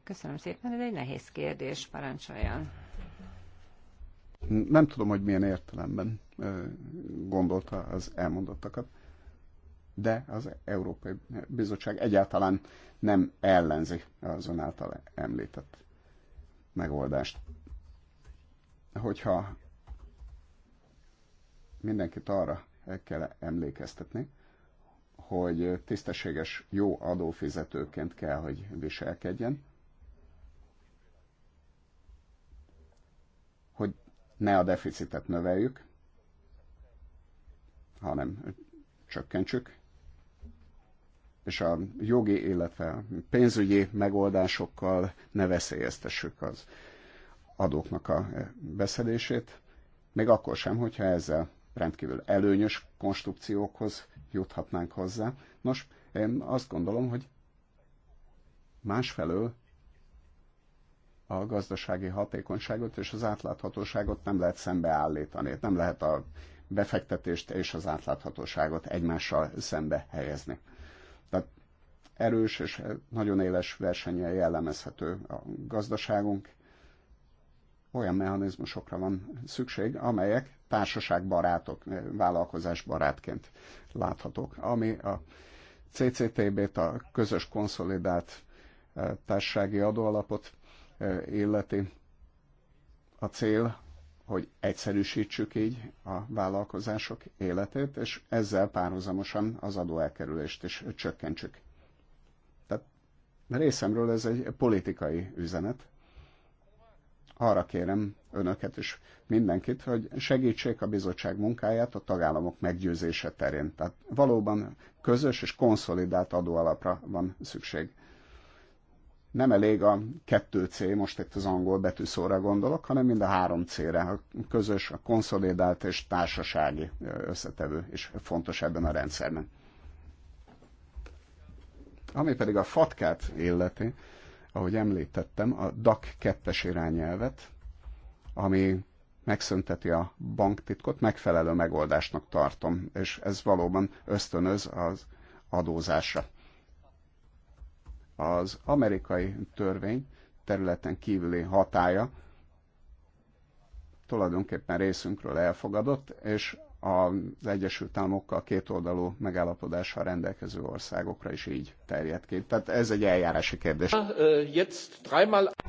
Köszönöm szépen, ez egy nehéz kérdés, parancsoljon. Nem tudom, hogy milyen értelemben gondolta az elmondottakat de az Európai Bizottság egyáltalán nem ellenzi az ön által említett megoldást. Hogyha mindenkit arra kell emlékeztetni, hogy tisztességes, jó adófizetőként kell, hogy viselkedjen, hogy ne a deficitet növeljük, hanem csökkentsük, és a jogi, illetve pénzügyi megoldásokkal ne veszélyeztessük az adóknak a beszedését, még akkor sem, hogyha ezzel rendkívül előnyös konstrukciókhoz juthatnánk hozzá. Nos, én azt gondolom, hogy másfelől a gazdasági hatékonyságot és az átláthatóságot nem lehet szembeállítani. Nem lehet a befektetést és az átláthatóságot egymással szembe helyezni erős és nagyon éles versennyel jellemezhető a gazdaságunk. Olyan mechanizmusokra van szükség, amelyek társaságbarátok, eh, vállalkozásbarátként láthatók, ami a CCTB-t, a közös konszolidált eh, társasági adóalapot eh, illeti. A cél, hogy egyszerűsítsük így a vállalkozások életét, és ezzel párhuzamosan az adóelkerülést is csökkentsük részemről ez egy politikai üzenet. Arra kérem önöket és mindenkit, hogy segítsék a bizottság munkáját a tagállamok meggyőzése terén. Tehát valóban közös és konszolidált adóalapra van szükség nem elég a kettő C, most itt az angol betűszóra gondolok, hanem mind a három C-re, a közös, a konszolidált és társasági összetevő, és fontos ebben a rendszerben. Ami pedig a fatkát illeti, ahogy említettem, a DAC 2 irányelvet, ami megszünteti a banktitkot, megfelelő megoldásnak tartom, és ez valóban ösztönöz az adózásra. Az amerikai törvény területen kívüli hatája tulajdonképpen részünkről elfogadott, és az Egyesült Államokkal kétoldalú megállapodással rendelkező országokra is így terjed ki. Tehát ez egy eljárási kérdés.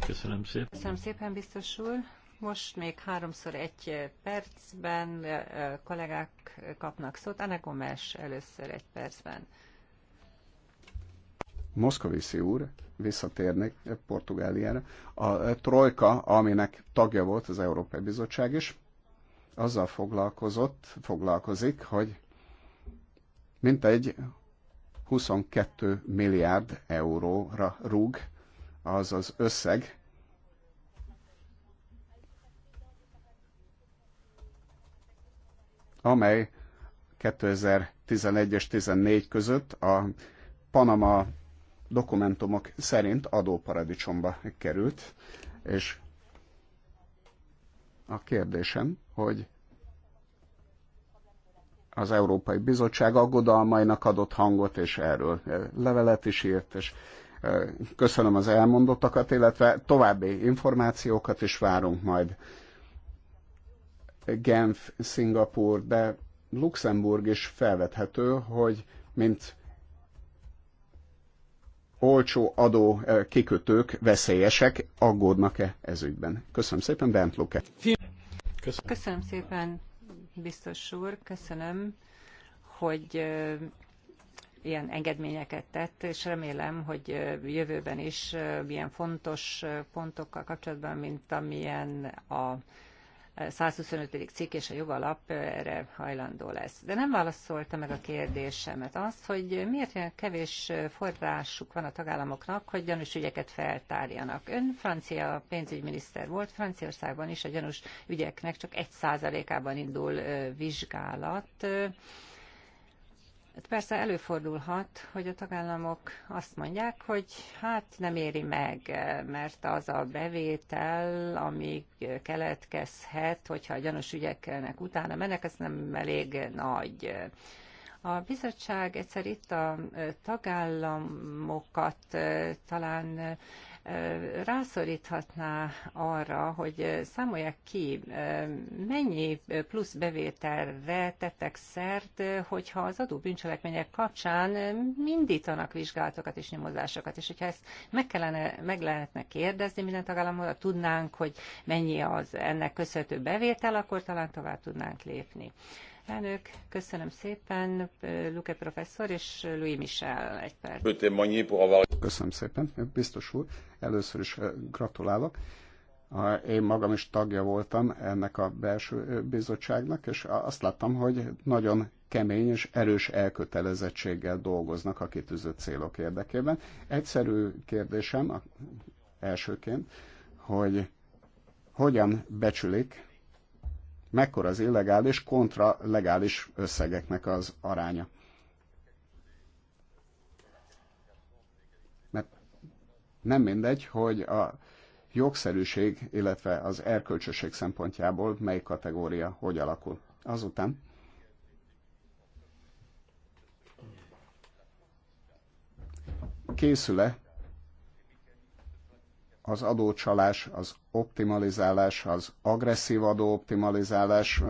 Köszönöm szépen. Köszönöm szépen, biztos úr. Most még háromszor egy percben kollégák kapnak szót. Anna Gomes először egy percben. Moszkoviszi úr, visszatérnék Portugáliára, a Trojka, aminek tagja volt az Európai Bizottság is, azzal foglalkozott, foglalkozik, hogy mintegy 22 milliárd euróra rúg az az összeg, amely 2011 és 14 között a Panama dokumentumok szerint adóparadicsomba került, és a kérdésem, hogy az Európai Bizottság aggodalmainak adott hangot, és erről levelet is írt, és köszönöm az elmondottakat, illetve további információkat is várunk majd. Genf, Szingapur, de Luxemburg is felvethető, hogy mint olcsó adó kikötők veszélyesek, aggódnak-e ezügyben? Köszönöm szépen, Bent Luke. Köszönöm. köszönöm szépen, biztos úr, köszönöm, hogy ilyen engedményeket tett, és remélem, hogy jövőben is ilyen fontos pontokkal kapcsolatban, mint amilyen a 125. cikk és a jogalap erre hajlandó lesz. De nem válaszolta meg a kérdésemet azt, hogy miért ilyen kevés forrásuk van a tagállamoknak, hogy gyanús ügyeket feltárjanak. Ön francia pénzügyminiszter volt, Franciaországban is a gyanús ügyeknek csak egy százalékában indul vizsgálat Hát persze előfordulhat, hogy a tagállamok azt mondják, hogy hát nem éri meg, mert az a bevétel, ami keletkezhet, hogyha a gyanús ügyeknek utána mennek, ez nem elég nagy. A bizottság egyszer itt a tagállamokat talán rászoríthatná arra, hogy számolják ki, mennyi plusz bevételre tettek szert, hogyha az adó bűncselekmények kapcsán mindítanak vizsgálatokat és nyomozásokat, és hogyha ezt meg, kellene, meg lehetne kérdezni minden tagállamot, ha tudnánk, hogy mennyi az ennek köszönhető bevétel, akkor talán tovább tudnánk lépni. Elnök, köszönöm szépen, Luke professzor és Louis Michel egy perc. Köszönöm szépen, biztos úr. Először is eh, gratulálok. Én magam is tagja voltam ennek a belső eh, bizottságnak, és azt láttam, hogy nagyon kemény és erős elkötelezettséggel dolgoznak a kitűzött célok érdekében. Egyszerű kérdésem elsőként, hogy hogyan becsülik mekkora az illegális kontra legális összegeknek az aránya. Mert nem mindegy, hogy a jogszerűség, illetve az erkölcsösség szempontjából mely kategória hogy alakul. Azután készül-e az adócsalás, az optimalizálás, az agresszív adóoptimalizálás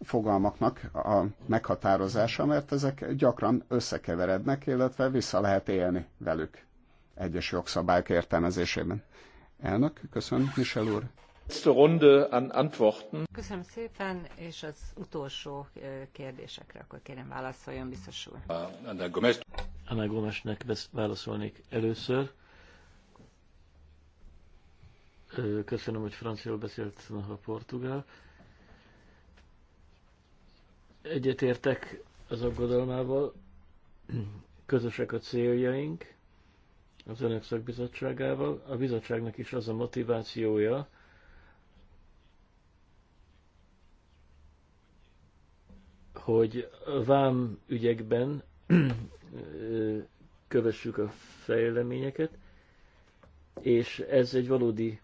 fogalmaknak a meghatározása, mert ezek gyakran összekeverednek, illetve vissza lehet élni velük egyes jogszabályok értelmezésében. Elnök, köszönöm, Michel úr. Köszönöm szépen, és az utolsó kérdésekre akkor kérem válaszoljon, biztos úr. Anna Gomesnek válaszolnék először Köszönöm, hogy franciául beszélt, a portugál. Egyetértek az aggodalmával, közösek a céljaink az Önök szakbizottságával. A bizottságnak is az a motivációja, hogy vám ügyekben kövessük a fejleményeket, és ez egy valódi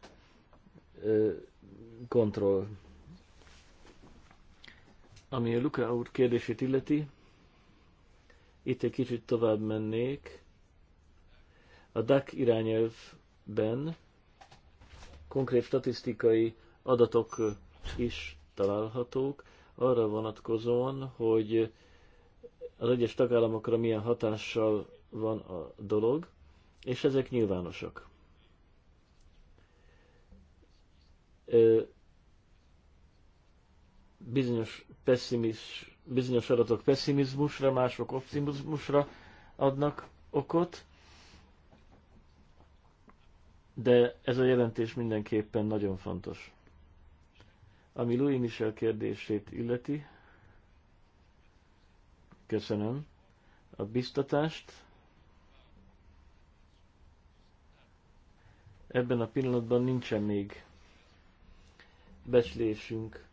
kontroll. Ami a Luka úr kérdését illeti, itt egy kicsit tovább mennék. A DAC irányelvben konkrét statisztikai adatok is találhatók arra vonatkozóan, hogy az egyes tagállamokra milyen hatással van a dolog, és ezek nyilvánosak. bizonyos, bizonyos adatok pessimizmusra, mások optimizmusra adnak okot, de ez a jelentés mindenképpen nagyon fontos. Ami Louis Michel kérdését illeti, köszönöm a biztatást. Ebben a pillanatban nincsen még becslésünk.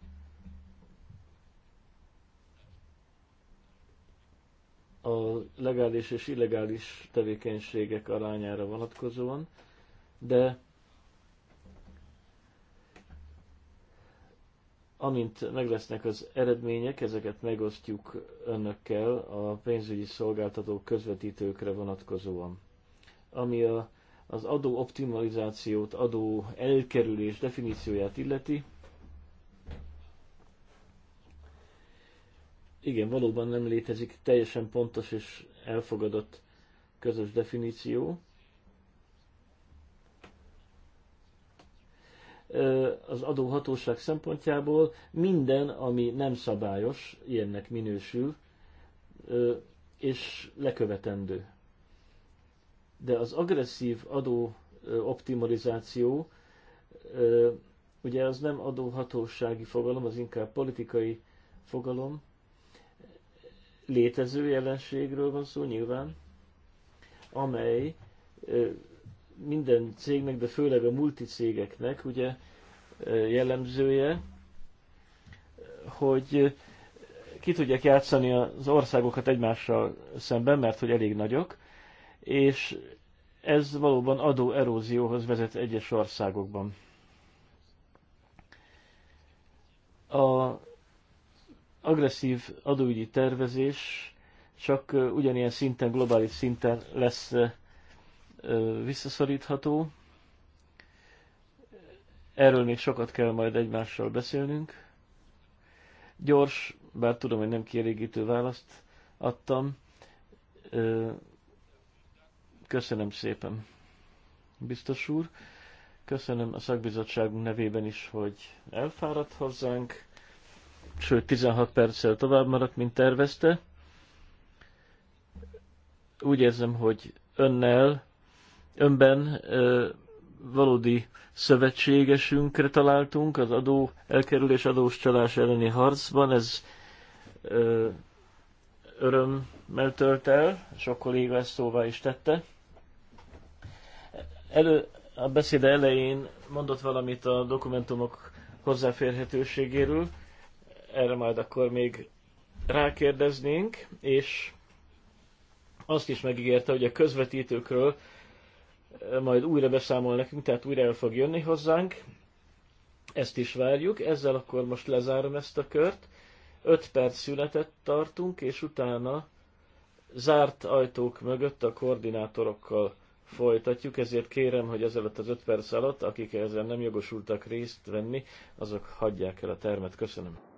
a legális és illegális tevékenységek arányára vonatkozóan, de amint meg lesznek az eredmények, ezeket megosztjuk önökkel a pénzügyi szolgáltatók közvetítőkre vonatkozóan. Ami a, az adó optimalizációt, adó elkerülés definícióját illeti, igen, valóban nem létezik teljesen pontos és elfogadott közös definíció. Az adóhatóság szempontjából minden, ami nem szabályos, ilyennek minősül, és lekövetendő. De az agresszív adó optimalizáció, ugye az nem adóhatósági fogalom, az inkább politikai fogalom, létező jelenségről van szó nyilván, amely minden cégnek, de főleg a multicégeknek ugye jellemzője, hogy ki tudják játszani az országokat egymással szemben, mert hogy elég nagyok, és ez valóban adó erózióhoz vezet egyes országokban. A agresszív adóügyi tervezés csak ugyanilyen szinten, globális szinten lesz visszaszorítható. Erről még sokat kell majd egymással beszélnünk. Gyors, bár tudom, hogy nem kielégítő választ adtam. Köszönöm szépen, biztos úr. Köszönöm a szakbizottságunk nevében is, hogy elfáradt hozzánk sőt 16 perccel tovább maradt, mint tervezte. Úgy érzem, hogy önnel, önben ö, valódi szövetségesünkre találtunk az adó elkerülés, adós csalás elleni harcban. Ez ö, örömmel tölt el, sok kolléga ezt szóvá is tette. Elő, a beszéde elején mondott valamit a dokumentumok hozzáférhetőségéről erre majd akkor még rákérdeznénk, és azt is megígérte, hogy a közvetítőkről eh, majd újra beszámol nekünk, tehát újra el fog jönni hozzánk. Ezt is várjuk, ezzel akkor most lezárom ezt a kört. 5 perc szünetet tartunk, és utána zárt ajtók mögött a koordinátorokkal folytatjuk, ezért kérem, hogy ezelőtt az 5 perc alatt, akik ezzel nem jogosultak részt venni, azok hagyják el a termet. Köszönöm.